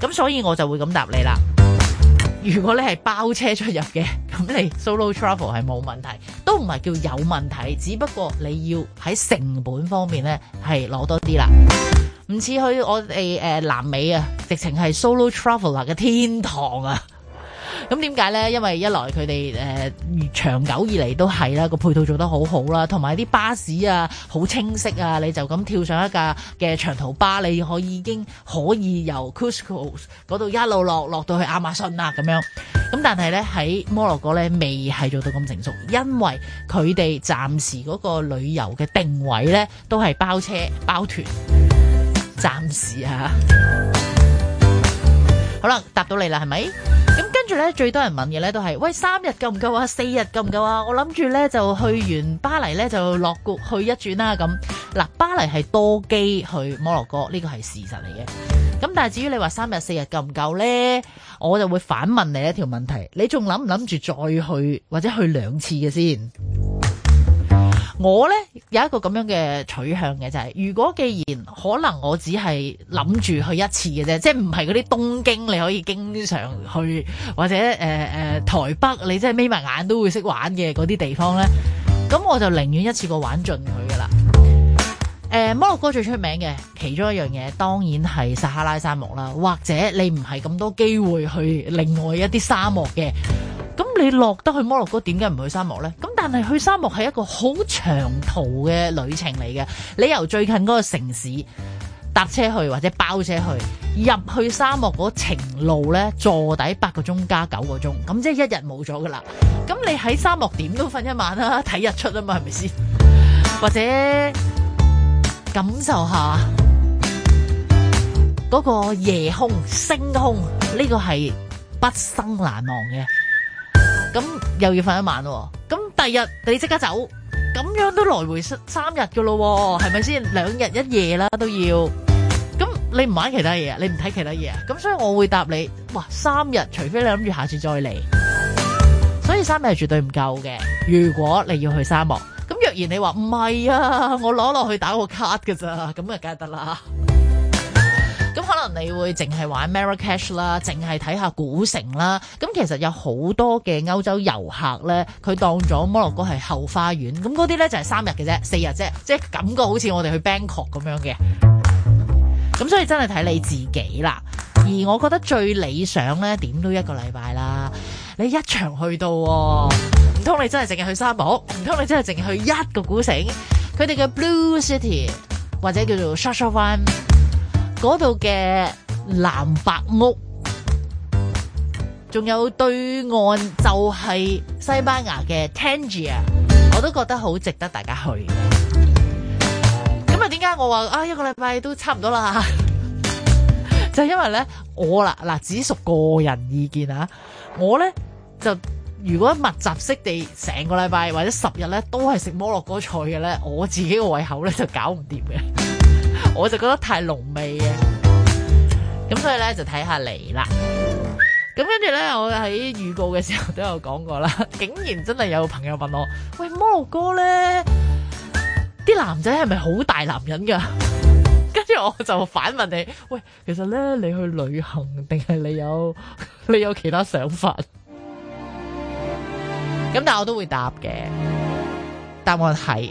咁所以我就會咁答你啦。如果你係包車出入嘅，咁你 solo travel 係冇問題，都唔係叫有問題，只不過你要喺成本方面呢，係攞多啲啦。唔似去我哋誒、呃、南美啊，直情係 Solo Traveler 嘅天堂啊！咁點解咧？因為一來佢哋誒，長久以嚟都係啦，個配套做得好好啦，同埋啲巴士啊，好清晰啊，你就咁跳上一架嘅長途巴，你可以已經可以由 Cusco 嗰度一路落落到去亞馬遜啦咁樣。咁但係咧，喺摩洛哥咧，未係做到咁成熟，因為佢哋暫時嗰個旅遊嘅定位咧，都係包車包團。暫時啊，好啦，答到你啦，係咪？咁跟住呢，最多人問嘅呢都係，喂，三日夠唔夠啊？四日夠唔夠啊？我諗住呢就去完巴黎呢，就落去一轉啦。咁嗱，巴黎係多機去摩洛哥呢個係事實嚟嘅。咁但係至於你話三日四日夠唔夠呢，我就會反問你一條問題：你仲諗唔諗住再去或者去兩次嘅先？我呢，有一個咁樣嘅取向嘅就係、是，如果既然可能我只係諗住去一次嘅啫，即係唔係嗰啲東京你可以經常去，或者誒、呃呃、台北你真係眯埋眼都會識玩嘅嗰啲地方呢，咁我就寧願一次過玩盡佢噶啦。誒、呃、摩洛哥最出名嘅其中一樣嘢，當然係撒哈拉沙漠啦，或者你唔係咁多機會去另外一啲沙漠嘅。咁你落得去摩洛哥，點解唔去沙漠呢？咁但係去沙漠係一個好長途嘅旅程嚟嘅。你由最近嗰個城市搭車去，或者包車去入去沙漠嗰程路呢，坐底八個鐘加九個鐘，咁即係一日冇咗噶啦。咁你喺沙漠點都瞓一晚啦，睇日出啊嘛，係咪先？ 或者感受下嗰個夜空、星空，呢個係畢生難忘嘅。咁又要瞓一晚喎，咁第日你即刻走，咁樣都來回三日噶咯，係咪先兩日一夜啦都要？咁你唔玩其他嘢，你唔睇其他嘢，咁所以我會答你，哇三日，除非你諗住下次再嚟，所以三日係絕對唔夠嘅。如果你要去沙漠，咁若然你話唔係啊，我攞落去打個卡噶咋，咁啊梗係得啦。可能你會淨係玩 Marrakech 啦，淨係睇下古城啦。咁其實有好多嘅歐洲遊客咧，佢當咗摩洛哥係後花園。咁嗰啲咧就係三日嘅啫，四日啫，即係感覺好似我哋去 Bangkok 咁樣嘅。咁所以真係睇你自己啦。而我覺得最理想咧，點都一個禮拜啦。你一場去到，唔通你真係淨係去沙漠，唔通你真係淨係去一個古城？佢哋嘅 Blue City 或者叫做 Chefchaouen 嗰度嘅藍白屋，仲有對岸就係西班牙嘅 Tangier，我都覺得好值得大家去。咁啊，點解我話啊一個禮拜都差唔多啦？ 就因為咧，我啦嗱，只屬個人意見啊。我咧就如果密集式地成個禮拜或者十日咧，都係食摩洛哥菜嘅咧，我自己個胃口咧就搞唔掂嘅。我就覺得太濃味啊，咁所以咧就睇下嚟啦。咁跟住咧，我喺預告嘅時候都有講過啦。竟然真係有朋友問我，喂，摩洛哥咧，啲男仔係咪好大男人噶？跟 住我就反問你，喂，其實咧你去旅行定係你有你有其他想法？咁 但係我都會答嘅，答案係。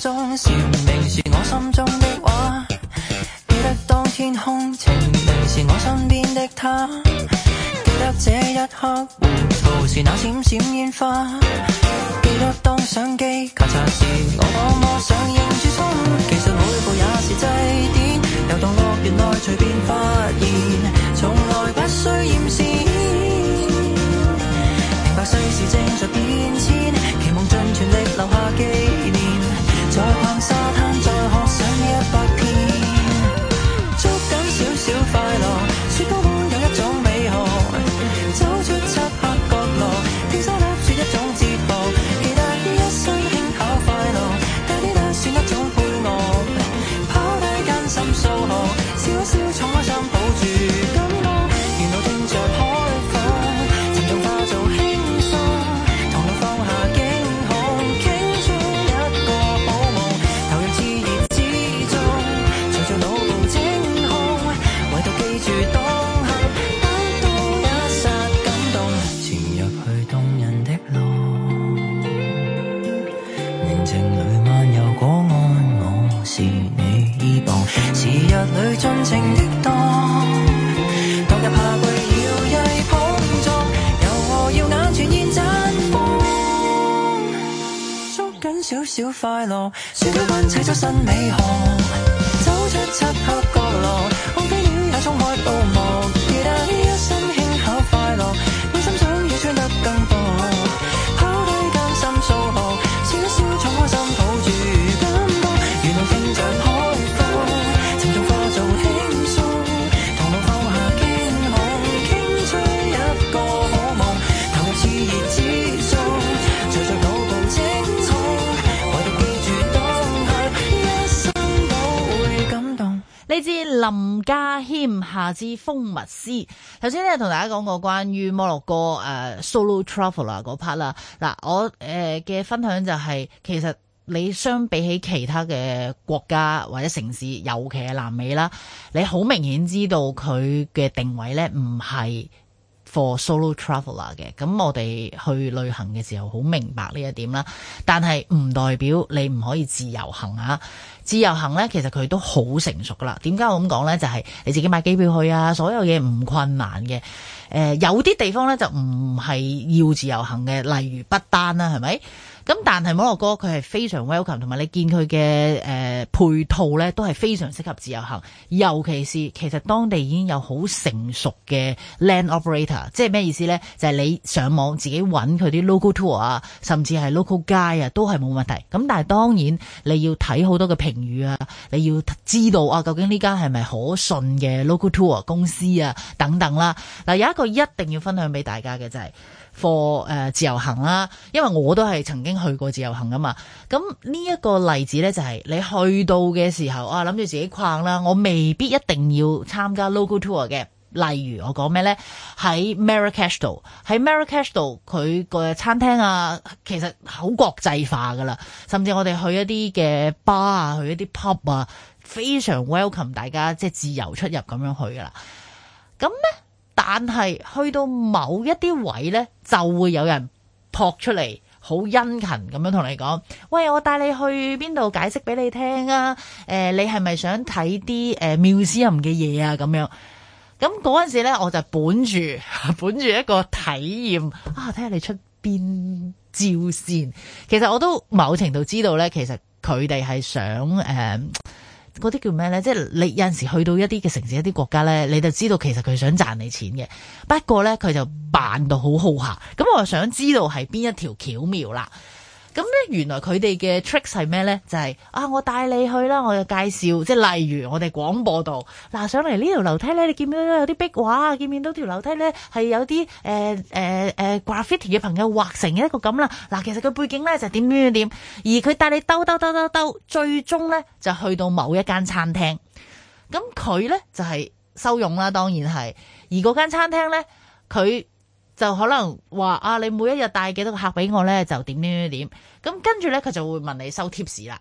中鮮明是我心中的畫，記得當天空晴明是我身邊的她，記得這一刻糊塗是那閃閃煙花，記得當相機咔嚓時，我多麼想用住心。其實每步也是祭典，遊蕩樂園內隨便發現，從來不需。快樂，脫了冠，砌出新美好。走出漆黑。之蜂蜜師，頭先咧同大家講過關於摩洛哥 Solo Traveller 嗰 part 啦。嗱、uh,，我誒嘅、uh, 分享就係、是，其實你相比起其他嘅國家或者城市，尤其係南美啦，你好明顯知道佢嘅定位呢唔係 for Solo Traveller 嘅。咁我哋去旅行嘅時候，好明白呢一點啦。但係唔代表你唔可以自由行啊！自由行呢，其實佢都好成熟噶啦。點解我咁講呢？就係、是、你自己買機票去啊，所有嘢唔困難嘅。誒、呃，有啲地方呢，就唔係要自由行嘅，例如不丹啦，係咪？咁但係摩洛哥佢係非常 welcome，同埋你見佢嘅誒配套呢都係非常適合自由行，尤其是其實當地已經有好成熟嘅 land operator，即係咩意思呢？就係、是、你上網自己揾佢啲 local tour 啊，甚至係 local 街啊，都係冇問題。咁但係當然你要睇好多嘅評語啊，你要知道啊，究竟呢間係咪可信嘅 local tour 公司啊等等啦。嗱，有一個一定要分享俾大家嘅就係、是。貨誒、呃、自由行啦，因為我都係曾經去過自由行噶嘛。咁呢一個例子咧，就係、是、你去到嘅時候啊，諗住自己逛啦，我未必一定要參加 local tour 嘅。例如我講咩咧？喺 Marrakesh 度，喺 Marrakesh 度，佢個餐廳啊，其實好國際化噶啦。甚至我哋去一啲嘅 bar 啊，去一啲 pub 啊，非常 welcome 大家，即、就、係、是、自由出入咁樣去噶啦。咁咧。但係去到某一啲位呢，就會有人撲出嚟，好殷勤咁樣同你講，喂，我帶你去邊度解釋俾你聽啊？呃、你係咪想睇啲誒妙思林嘅嘢啊？咁樣，咁嗰陣時呢，我就本住本住一個體驗啊，睇下你出邊招先。其實我都某程度知道呢，其實佢哋係想、呃嗰啲叫咩咧？即係你有陣時去到一啲嘅城市、一啲國家咧，你就知道其實佢想賺你錢嘅。不過咧，佢就扮到好好客。咁我就想知道係邊一條巧妙啦？咁咧，原來佢哋嘅 tricks 係咩咧？就係啊，我帶你去啦，我嘅介紹，即係例如我哋廣播度嗱上嚟呢條樓梯咧，你見唔見到有啲壁畫？見唔見到條樓梯咧係有啲誒誒 graffiti 嘅朋友畫成一個咁啦？嗱，其實佢背景咧就點點點點，而佢帶你兜兜兜兜兜，最終咧就去到某一間餐廳。咁佢咧就係收傭啦，當然係。而嗰間餐廳咧，佢。就可能話啊，你每一日帶幾多個客俾我呢，就點點點。咁跟住呢，佢就會問你收貼士啦。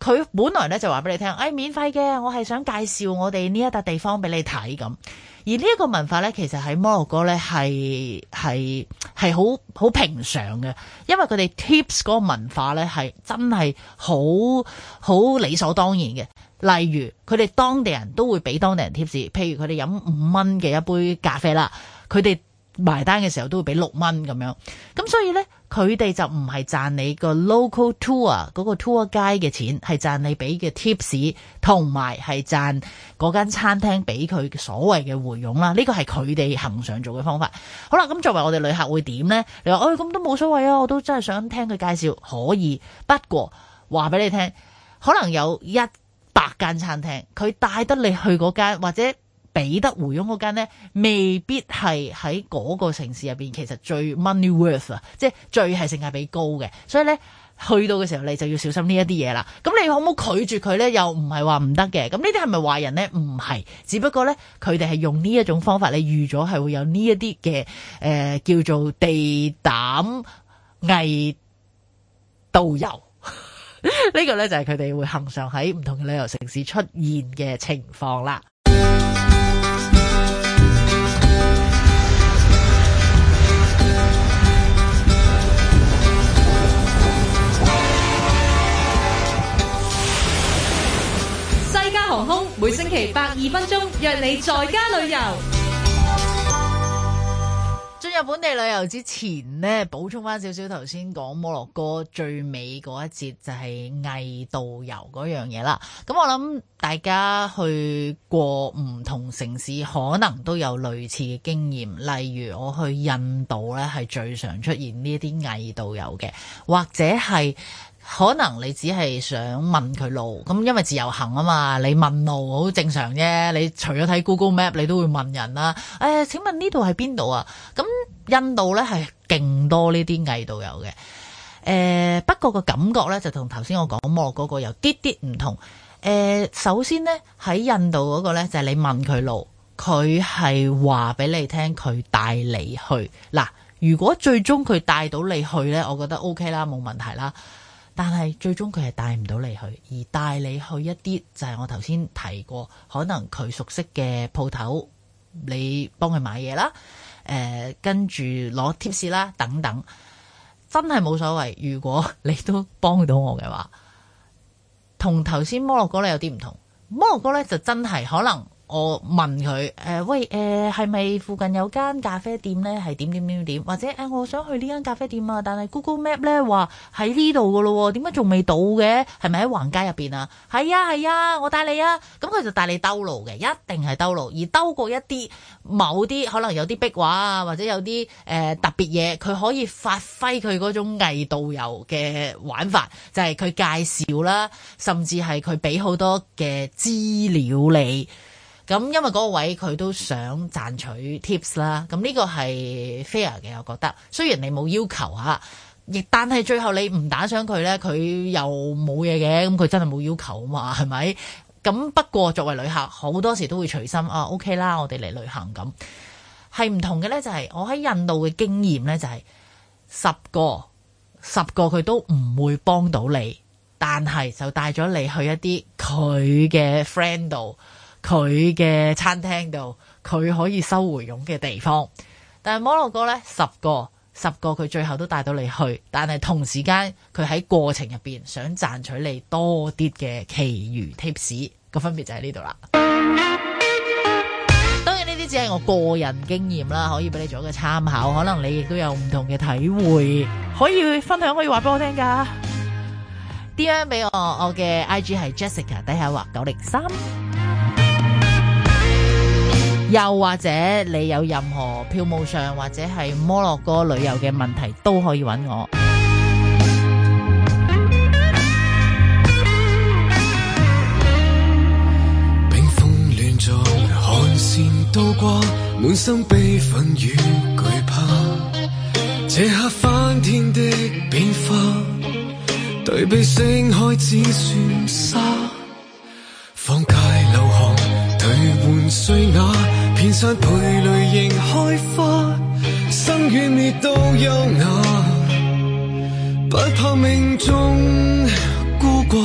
佢本來呢，就話俾你聽，誒、哎、免費嘅，我係想介紹我哋呢一笪地方俾你睇咁。而呢一個文化呢，其實喺摩洛哥呢係係係好好平常嘅。因為佢哋 tips 嗰個文化呢係真係好好理所當然嘅。例如，佢哋當地人都會俾當地人貼士，譬如佢哋飲五蚊嘅一杯咖啡啦，佢哋。埋單嘅時候都會俾六蚊咁樣。咁所以呢，佢哋就唔係賺你個 local tour 嗰個 tour 街嘅錢，係賺你俾嘅 tips，同埋係賺嗰間餐廳俾佢所謂嘅回佣啦。呢個係佢哋恆常做嘅方法。好啦，咁作為我哋旅客會點呢？你話哦，咁都冇所謂啊，我都真係想聽佢介紹可以。不過話俾你聽，可能有一百間餐廳，佢帶得你去嗰間或者。比得回佣嗰間呢，未必係喺嗰個城市入邊，其實最 money worth 啊，即係最係性價比高嘅。所以呢，去到嘅時候，你就要小心呢一啲嘢啦。咁你可唔可以拒絕佢呢？又唔係話唔得嘅。咁呢啲係咪壞人呢？唔係，只不過呢，佢哋係用呢一種方法，你預咗係會有呢一啲嘅，誒、呃，叫做地膽偽導遊。呢 個呢，就係佢哋會恆常喺唔同嘅旅遊城市出現嘅情況啦。百二分鐘，約你在家旅遊。進入本地旅遊之前呢，補充翻少少，頭先講摩洛哥最尾嗰一節就係偽導遊嗰樣嘢啦。咁我諗大家去過唔同城市，可能都有類似嘅經驗。例如我去印度呢，係最常出現呢啲偽導遊嘅，或者係。可能你只係想問佢路咁，因為自由行啊嘛，你問路好正常啫。你除咗睇 Google Map，你都會問人啦、啊。誒、哎，請問呢度係邊度啊？咁印度呢係勁多呢啲偽導遊嘅誒，不過個感覺呢，就同頭先我講摩嗰個有啲啲唔同誒、哎。首先呢，喺印度嗰個呢，就係、是、你問佢路，佢係話俾你聽，佢帶你去嗱。如果最終佢帶到你去呢，我覺得 O、OK、K 啦，冇問題啦。但係最終佢係帶唔到你去，而帶你去一啲就係、是、我頭先提過，可能佢熟悉嘅鋪頭，你幫佢買嘢啦，誒、呃，跟住攞貼士啦，等等，真係冇所謂。如果你都幫到我嘅話，同頭先摩洛哥咧有啲唔同，摩洛哥咧就真係可能。我問佢誒、呃、喂誒係咪附近有間咖啡店咧？係點點點點，或者誒、哎，我想去呢間咖啡店啊，但係 Google Map 咧話喺呢度噶咯，點解仲未到嘅？係咪喺橫街入面啊？係啊係啊，我帶你啊。咁佢就帶你兜路嘅，一定係兜路。而兜過一啲某啲可能有啲壁畫啊，或者有啲、呃、特別嘢，佢可以發揮佢嗰種偽導遊嘅玩法，就係、是、佢介紹啦，甚至係佢俾好多嘅資料你。咁因為嗰個位佢都想賺取 tips 啦，咁呢個係 fair 嘅，我覺得。雖然你冇要求吓，亦但係最後你唔打賞佢呢，佢又冇嘢嘅，咁佢真係冇要求啊嘛，係咪？咁不過作為旅客，好多時都會隨心啊。OK 啦，我哋嚟旅行咁係唔同嘅呢，就係我喺印度嘅經驗呢、就是，就係十個十個佢都唔會幫到你，但係就帶咗你去一啲佢嘅 friend 度。佢嘅餐廳度，佢可以收回佣嘅地方。但係摩洛哥呢，十個十個，佢最後都帶到你去。但係同時間，佢喺過程入邊想賺取你多啲嘅奇餘 tips。個分別就喺呢度啦。當然呢啲只係我個人經驗啦，可以俾你做一個參考。可能你亦都有唔同嘅體會，可以分享，可以話俾我聽噶。DM 俾我？我嘅 IG 係 Jessica，底下畫九零三。 又或者你有任何票務上或者係摩洛哥旅遊嘅問題，都可以揾我。冰封亂象寒蟬倒掛，滿身悲憤與懼怕。這刻翻天的變化，對比星海只算沙，放街流汗，碎片沙陪淚仍開花，生與滅都優雅，不怕命中孤寡。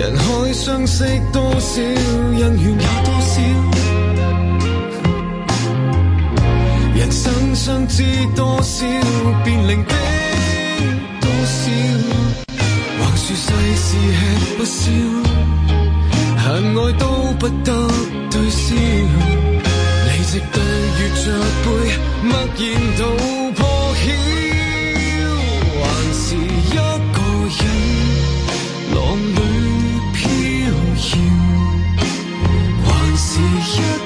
人海相識多少，恩怨有多少？人生相知多少，別離的多少？橫豎世事吃不消。難愛都不得對笑，離席對月着杯，默然到破曉，還是一個人浪裏飄搖，還是一。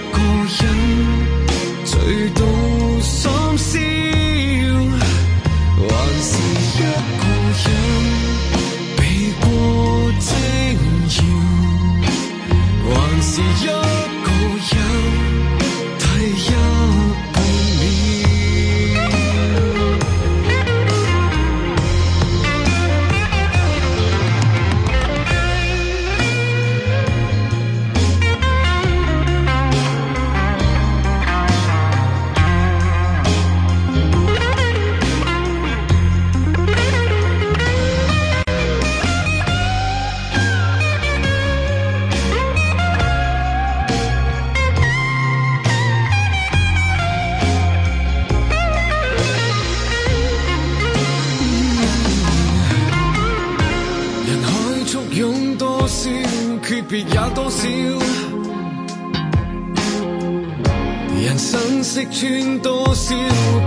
穿多少，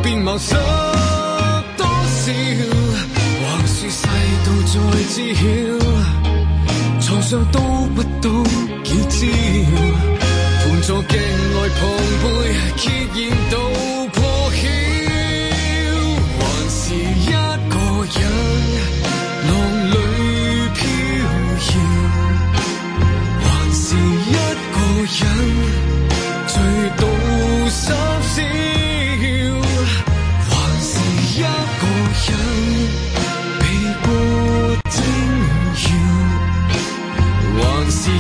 便謀殺多少，還是世道在知曉，床上都不懂幾招，盤坐鏡內旁背，揭然到。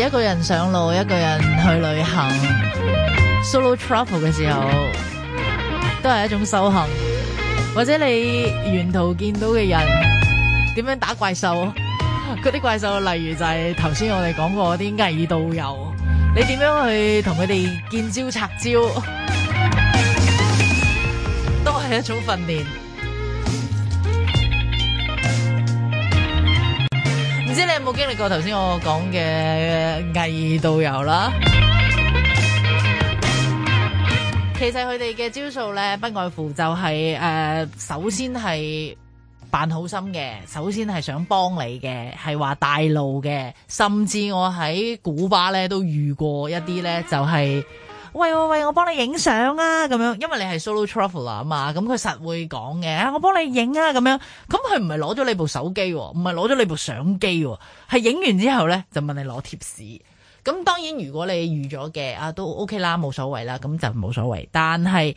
一個人上路，一個人去旅行，Solo Travel 嘅時候，都係一種修行。或者你沿途見到嘅人，點樣打怪獸？嗰啲怪獸，例如就係頭先我哋講過啲偽導遊，你點樣去同佢哋見招拆招，都係一種訓練。我經歷過頭先我講嘅、呃、偽導遊啦，其實佢哋嘅招數呢，不外乎就係、是、誒、呃，首先係扮好心嘅，首先係想幫你嘅，係話帶路嘅，甚至我喺古巴呢，都遇過一啲呢，就係、是。喂喂喂，我幫你影相啊，咁樣，因為你係 solo traveller 啊嘛，咁佢實會講嘅，我幫你影啊，咁樣，咁佢唔係攞咗你部手機，唔係攞咗你部相機，係影完之後咧就問你攞貼士。咁當然如果你預咗嘅啊都 OK 啦，冇所謂啦，咁就冇所謂。但係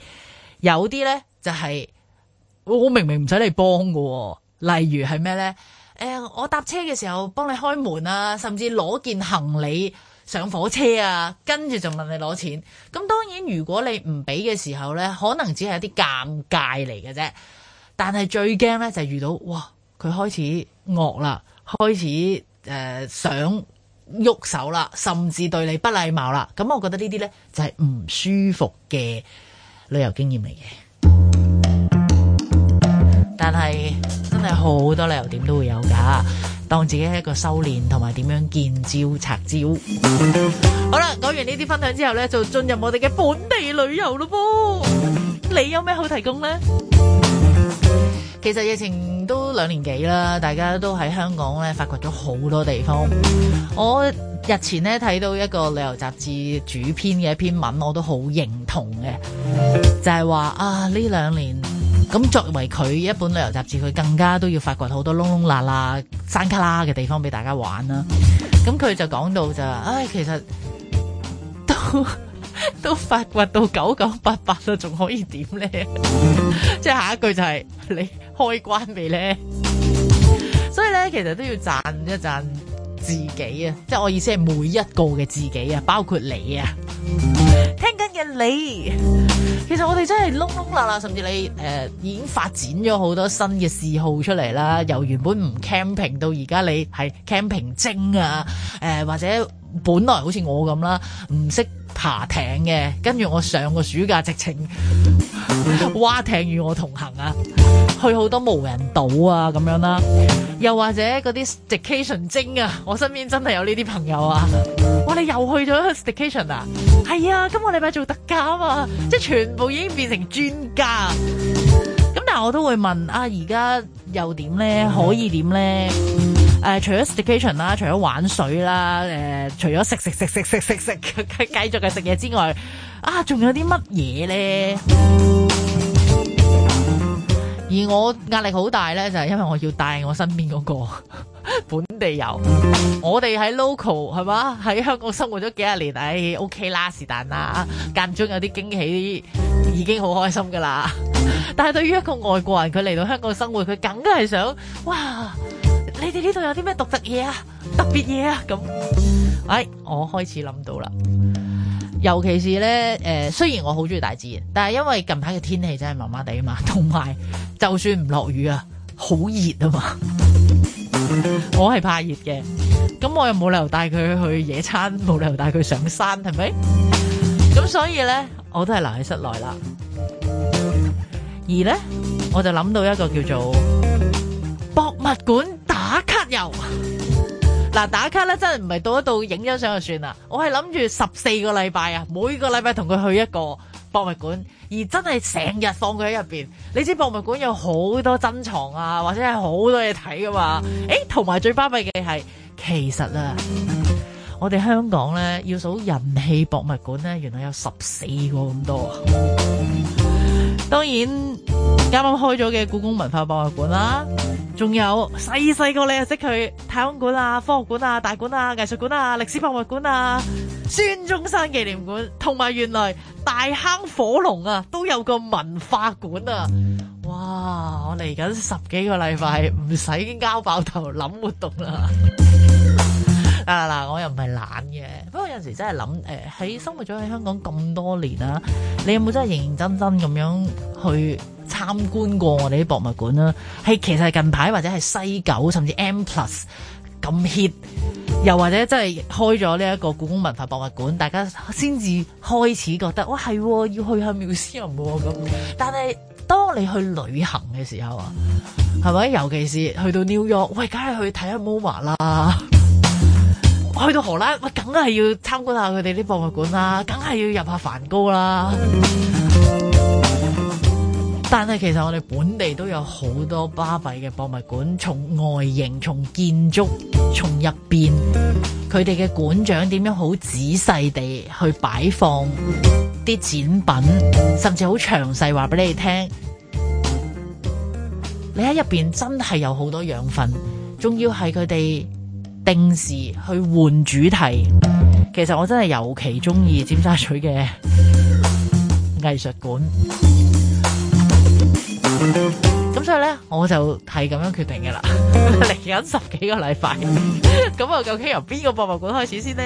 有啲咧就係、是、我明明唔使你幫噶、哦，例如係咩咧？誒、呃，我搭車嘅時候幫你開門啊，甚至攞件行李。上火車啊，跟住就問你攞錢。咁當然如果你唔俾嘅時候呢，可能只係一啲尷尬嚟嘅啫。但係最驚呢，就遇到哇，佢開始惡啦，開始誒、呃、想喐手啦，甚至對你不禮貌啦。咁我覺得呢啲呢，就係唔舒服嘅旅遊經驗嚟嘅。但係真係好多旅遊點都會有噶。當自己係一個修煉同埋點樣見招拆招。好啦，講完呢啲分享之後呢，就進入我哋嘅本地旅遊咯噃。你有咩好提供呢？其實疫情都兩年幾啦，大家都喺香港咧發掘咗好多地方。我日前咧睇到一個旅遊雜誌主編嘅一篇文，我都好認同嘅，就係話啊，呢兩年。咁作為佢一本旅遊雜誌，佢更加都要發掘好多窿窿罅罅、山卡拉嘅地方俾大家玩啦。咁佢就講到就話，唉，其實都都發掘到九九八八啦，仲可以點咧？即係 下一句就係、是、你開關未咧？ 所以咧，其實都要讚一讚自己啊！即係我意思係每一個嘅自己啊，包括你啊，聽緊嘅你。其實我哋真係窿窿喇喇，甚至你誒、呃、已經發展咗好多新嘅嗜好出嚟啦。由原本唔 camping 到而家你係 camping 精啊，誒、呃、或者。本來好似我咁啦，唔識爬艇嘅，跟住我上個暑假直情蛙艇與我同行啊，去好多無人島啊咁樣啦、啊，又或者嗰啲 staycation 精啊，我身邊真係有呢啲朋友啊，哇你又去咗 staycation 啊？係啊，今個禮拜做特價啊嘛，即係全部已經變成專家咁但係我都會問啊，而家又點咧？可以點咧？誒、呃，除咗 station 啦，除咗玩水啦，誒，除咗食食食食食食食，繼繼續嘅食嘢之外，啊，仲有啲乜嘢咧？而我壓力好大咧，就係、是、因為我要帶我身邊嗰、那個本地遊，我哋喺 local 係嘛，喺香港生活咗幾廿年，誒、哎、，OK 啦，是但啦，間唔中有啲驚喜，已經好開心㗎喇。但係對於一個外國人，佢嚟到香港生活，佢梗係想，哇！你哋呢度有啲咩獨特嘢啊？特別嘢啊？咁，哎，我開始諗到啦。尤其是咧，誒、呃，雖然我好中意大自然，但係因為近排嘅天氣真係麻麻地啊嘛，同埋就算唔落雨啊，好熱啊嘛，我係怕熱嘅，咁我又冇理由帶佢去野餐，冇理由帶佢上山，係咪？咁所以咧，我都係留喺室內啦。而咧，我就諗到一個叫做博物館。打卡遊，嗱，打卡咧真係唔係到一度影張相就算啦，我係諗住十四個禮拜啊，每個禮拜同佢去一個博物館，而真係成日放佢喺入邊。你知博物館有好多珍藏啊，或者係好多嘢睇噶嘛？誒、欸，同埋最巴閉嘅係，其實啊，我哋香港咧要數人氣博物館咧，原來有十四個咁多。啊，當然。啱啱開咗嘅故宮文化博物館啦，仲有細細個你又識去太空館啊、科學館啊、大館啊、藝術館啊、歷史博物館啊、孫中山紀念館，同埋原來大坑火龍啊都有個文化館啊！哇，我嚟緊十幾個禮拜，唔使交爆頭諗活動啦。啊嗱、啊，我又唔係懶嘅，不過有時真係諗誒，喺生活咗喺香港咁多年啦、啊，你有冇真係認認真真咁樣去參觀過我哋啲博物館啦、啊？係其實係近排或者係西九甚至 M Plus 咁 hit，又或者真係開咗呢一個故宮文化博物館，大家先至開始覺得哇係、啊、要去下 museum 咁。但係當你去旅行嘅時候啊，係咪？尤其是去到 New York，喂，梗係去睇下 MoMA 啦。去到荷蘭，我梗係要參觀下佢哋啲博物館啦，梗係要入下梵高啦。 但係其實我哋本地都有好多巴閉嘅博物館，從外形、從建築、從入邊，佢哋嘅館長點樣好仔細地去擺放啲展品，甚至好詳細話俾你哋聽。你喺入邊真係有好多養分，仲要係佢哋。定時去換主題，其實我真係尤其中意尖沙咀嘅藝術館。咁 所以咧，我就係咁樣決定嘅啦。嚟 緊十幾個禮拜，咁啊，究竟由邊個博物館開始先呢？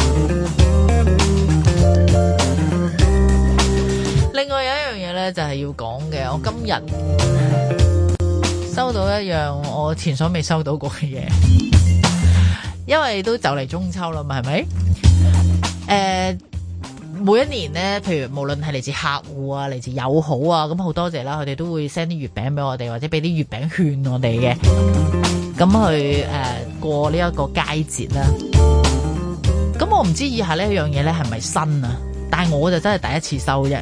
另外有一樣嘢咧，就係要講嘅，我今日。收到一樣我前所未收到過嘅嘢，因為都就嚟中秋啦嘛，係咪？誒，每一年咧，譬如無論係嚟自客戶啊，嚟自友好啊，咁好多謝啦，佢哋都會 send 啲月餅俾我哋，或者俾啲月餅券我哋嘅，咁去誒、呃、過呢一個佳節啦。咁我唔知以下呢一樣嘢咧係咪新啊？但係我就真係第一次收啫，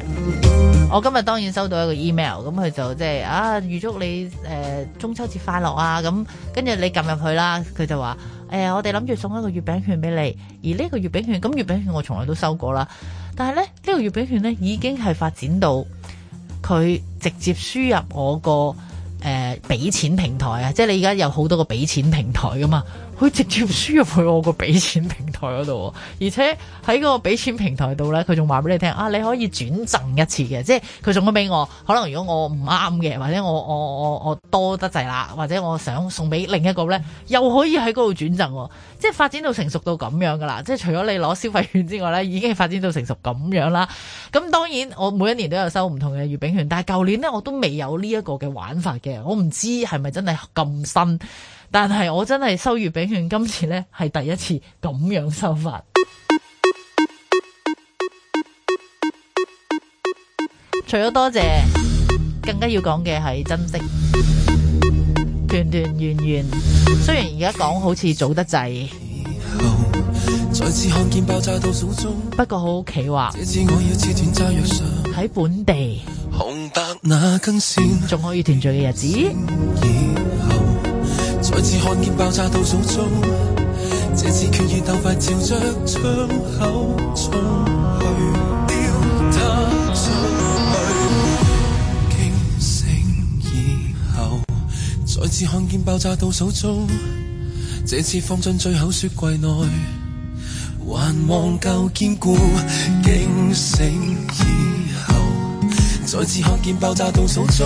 我今日當然收到一個 email，咁佢就即係啊預祝你誒、呃、中秋節快樂啊，咁跟住你撳入去啦，佢就話誒、呃、我哋諗住送一個月餅券俾你，而呢個月餅券，咁月餅券我從來都收過啦，但係咧呢、這個月餅券咧已經係發展到佢直接輸入我個誒俾錢平台啊，即係你而家有好多個俾錢平台㗎嘛。佢直接輸入去我個俾錢平台嗰度，而且喺個俾錢平台度呢，佢仲話俾你聽啊，你可以轉贈一次嘅，即係佢送咗俾我，可能如果我唔啱嘅，或者我我我我多得滯啦，或者我想送俾另一個呢，又可以喺嗰度轉贈，即係發展到成熟到咁樣噶啦，即係除咗你攞消費券之外呢，已經發展到成熟咁樣啦。咁當然我每一年都有收唔同嘅月餅券，但係舊年呢，我都未有呢一個嘅玩法嘅，我唔知係咪真係咁新。但係我真係收月餅券，今次呢係第一次咁樣收法。除咗多謝，謝，更加要講嘅係珍惜。團團圓圓，雖然而家講好似早得滯，再次看見爆炸到中。不過好好企話。喺 本地，紅白那根綫，仲 可以團聚嘅日子。再次看見爆炸倒數中，這次決意鬥快朝着窗口衝去，掉他出去。驚 醒以後，再次看見爆炸倒數中，這次放進最後雪櫃內，還望夠堅固。驚醒以後，再次看見爆炸倒數中。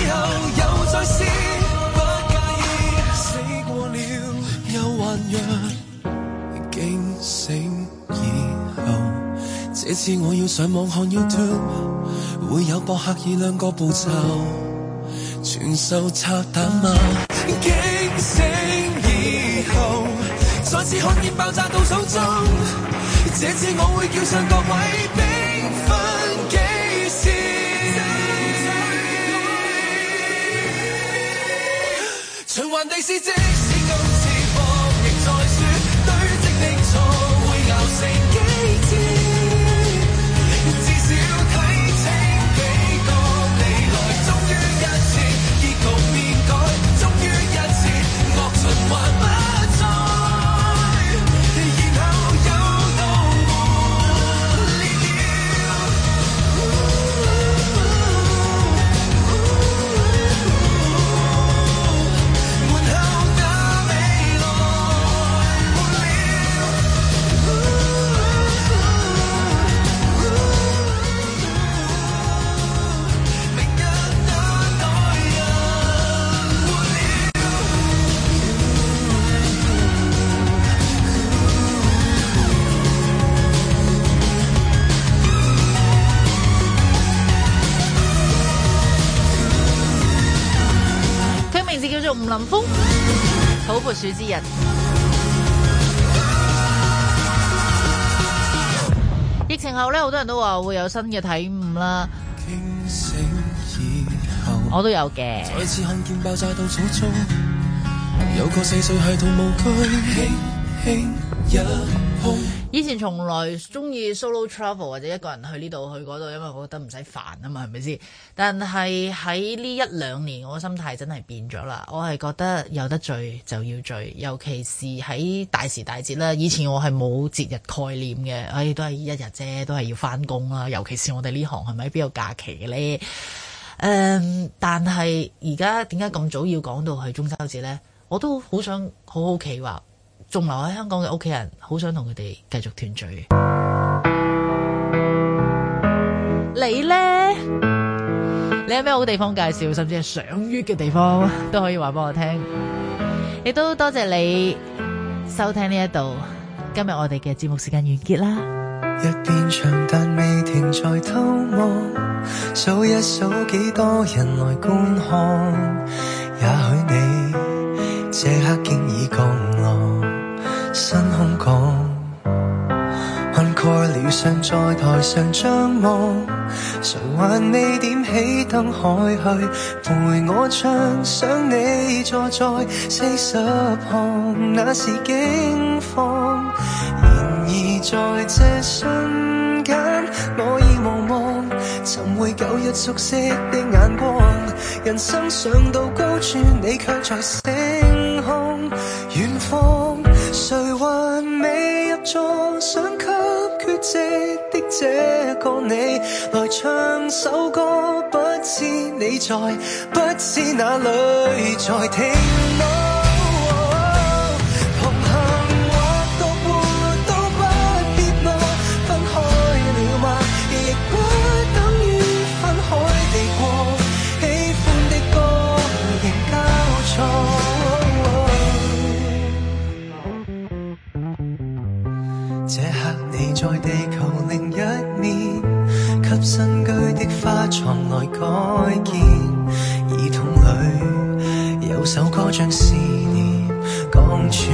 這次我要上網看 YouTube，會有博客以兩個步驟傳授拆彈嗎？驚、啊、醒以後，再次看見爆炸到手中，這次我會叫上各位兵分幾線，循環第四節。啲人，疫情後咧，好多人都話會有新嘅體悟啦。我都有嘅。再次以前從來中意 solo travel 或者一個人去呢度去嗰度，因為我覺得唔使煩啊嘛，係咪先？但係喺呢一兩年，我嘅心態真係變咗啦。我係覺得有得聚就要聚，尤其是喺大時大節啦。以前我係冇節日概念嘅，唉、哎，都係一日啫，都係要翻工啦。尤其是我哋呢行係咪，邊有假期呢？嗯，但係而家點解咁早要講到去中秋節呢？我都好想好好企劃。仲留喺香港嘅屋企人，好想同佢哋繼續團聚。你咧？你有咩好地方介紹，甚至係賞月嘅地方都可以話俾我聽。亦都多謝你收聽呢一度，今日我哋嘅節目時間完結啦。一邊唱，但未停在偷望，數一數幾多人來觀看，也許你這刻經已共。 新空港，看過了尚在台上張望，誰還未點起燈海去陪我唱？想你坐在四十行，那時驚慌。然而在這瞬間，我已無望。尋回舊日熟悉的眼光。人生上到高處，你卻在死。想給缺席的這個你來唱首歌，不知你在，不知哪裏在聽。這刻你在地球另一面，給新居的花床來改建。耳筒裏有首歌，像思念講穿。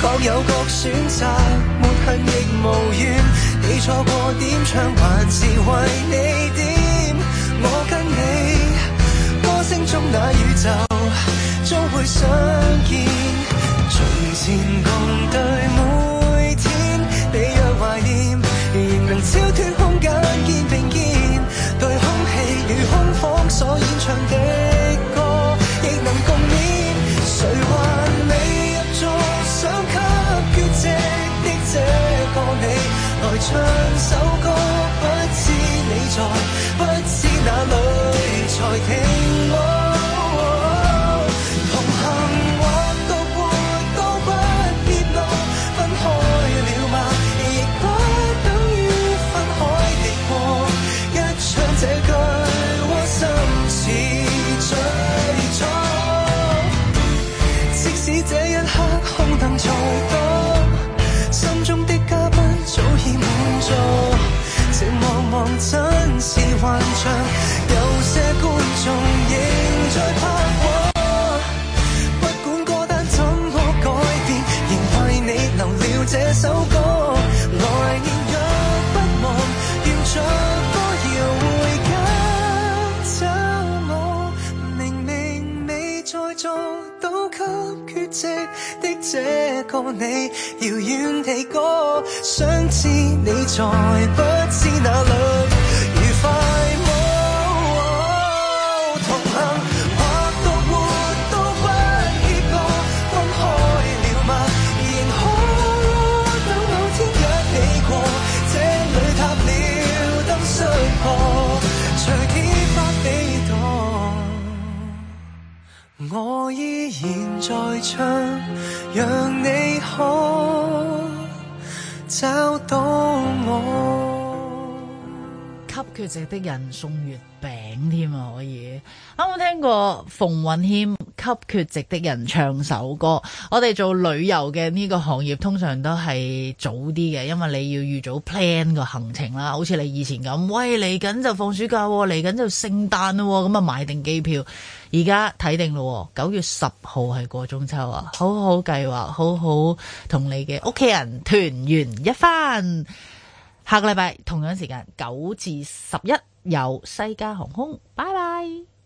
各有各選擇，沒恨亦無怨。你錯過點唱，還是為你點？我跟你歌聲中那宇宙，終會相見。從前共對每天，你若懷念，仍能超脫空間，肩並肩。對空氣與空房所演唱的歌，亦能共勉。誰還未入座，想給缺席的這個你來唱首歌？不知你在，不知哪裡才聽。你遙遠地歌，想知你在不知哪裏，愉快嗎、哦？同行或獨活都不結果，分開了嗎？仍可等某天一起過，這裏塌了燈摔破，隨天花飛墮，我依然在唱。讓你好找到我，給缺席的人送月餅添啊！可以啱冇聽過馮允謙給缺席的人唱首歌。我哋做旅遊嘅呢個行業通常都係早啲嘅，因為你要預早 plan 個行程啦。好似你以前咁，喂嚟緊就放暑假，嚟緊就聖誕喎！咁啊買定機票。而家睇定咯，九月十號係過中秋啊！好好計劃，好好同你嘅屋企人團圓一番。下個禮拜同樣時間，九至十一有西加航空，拜拜。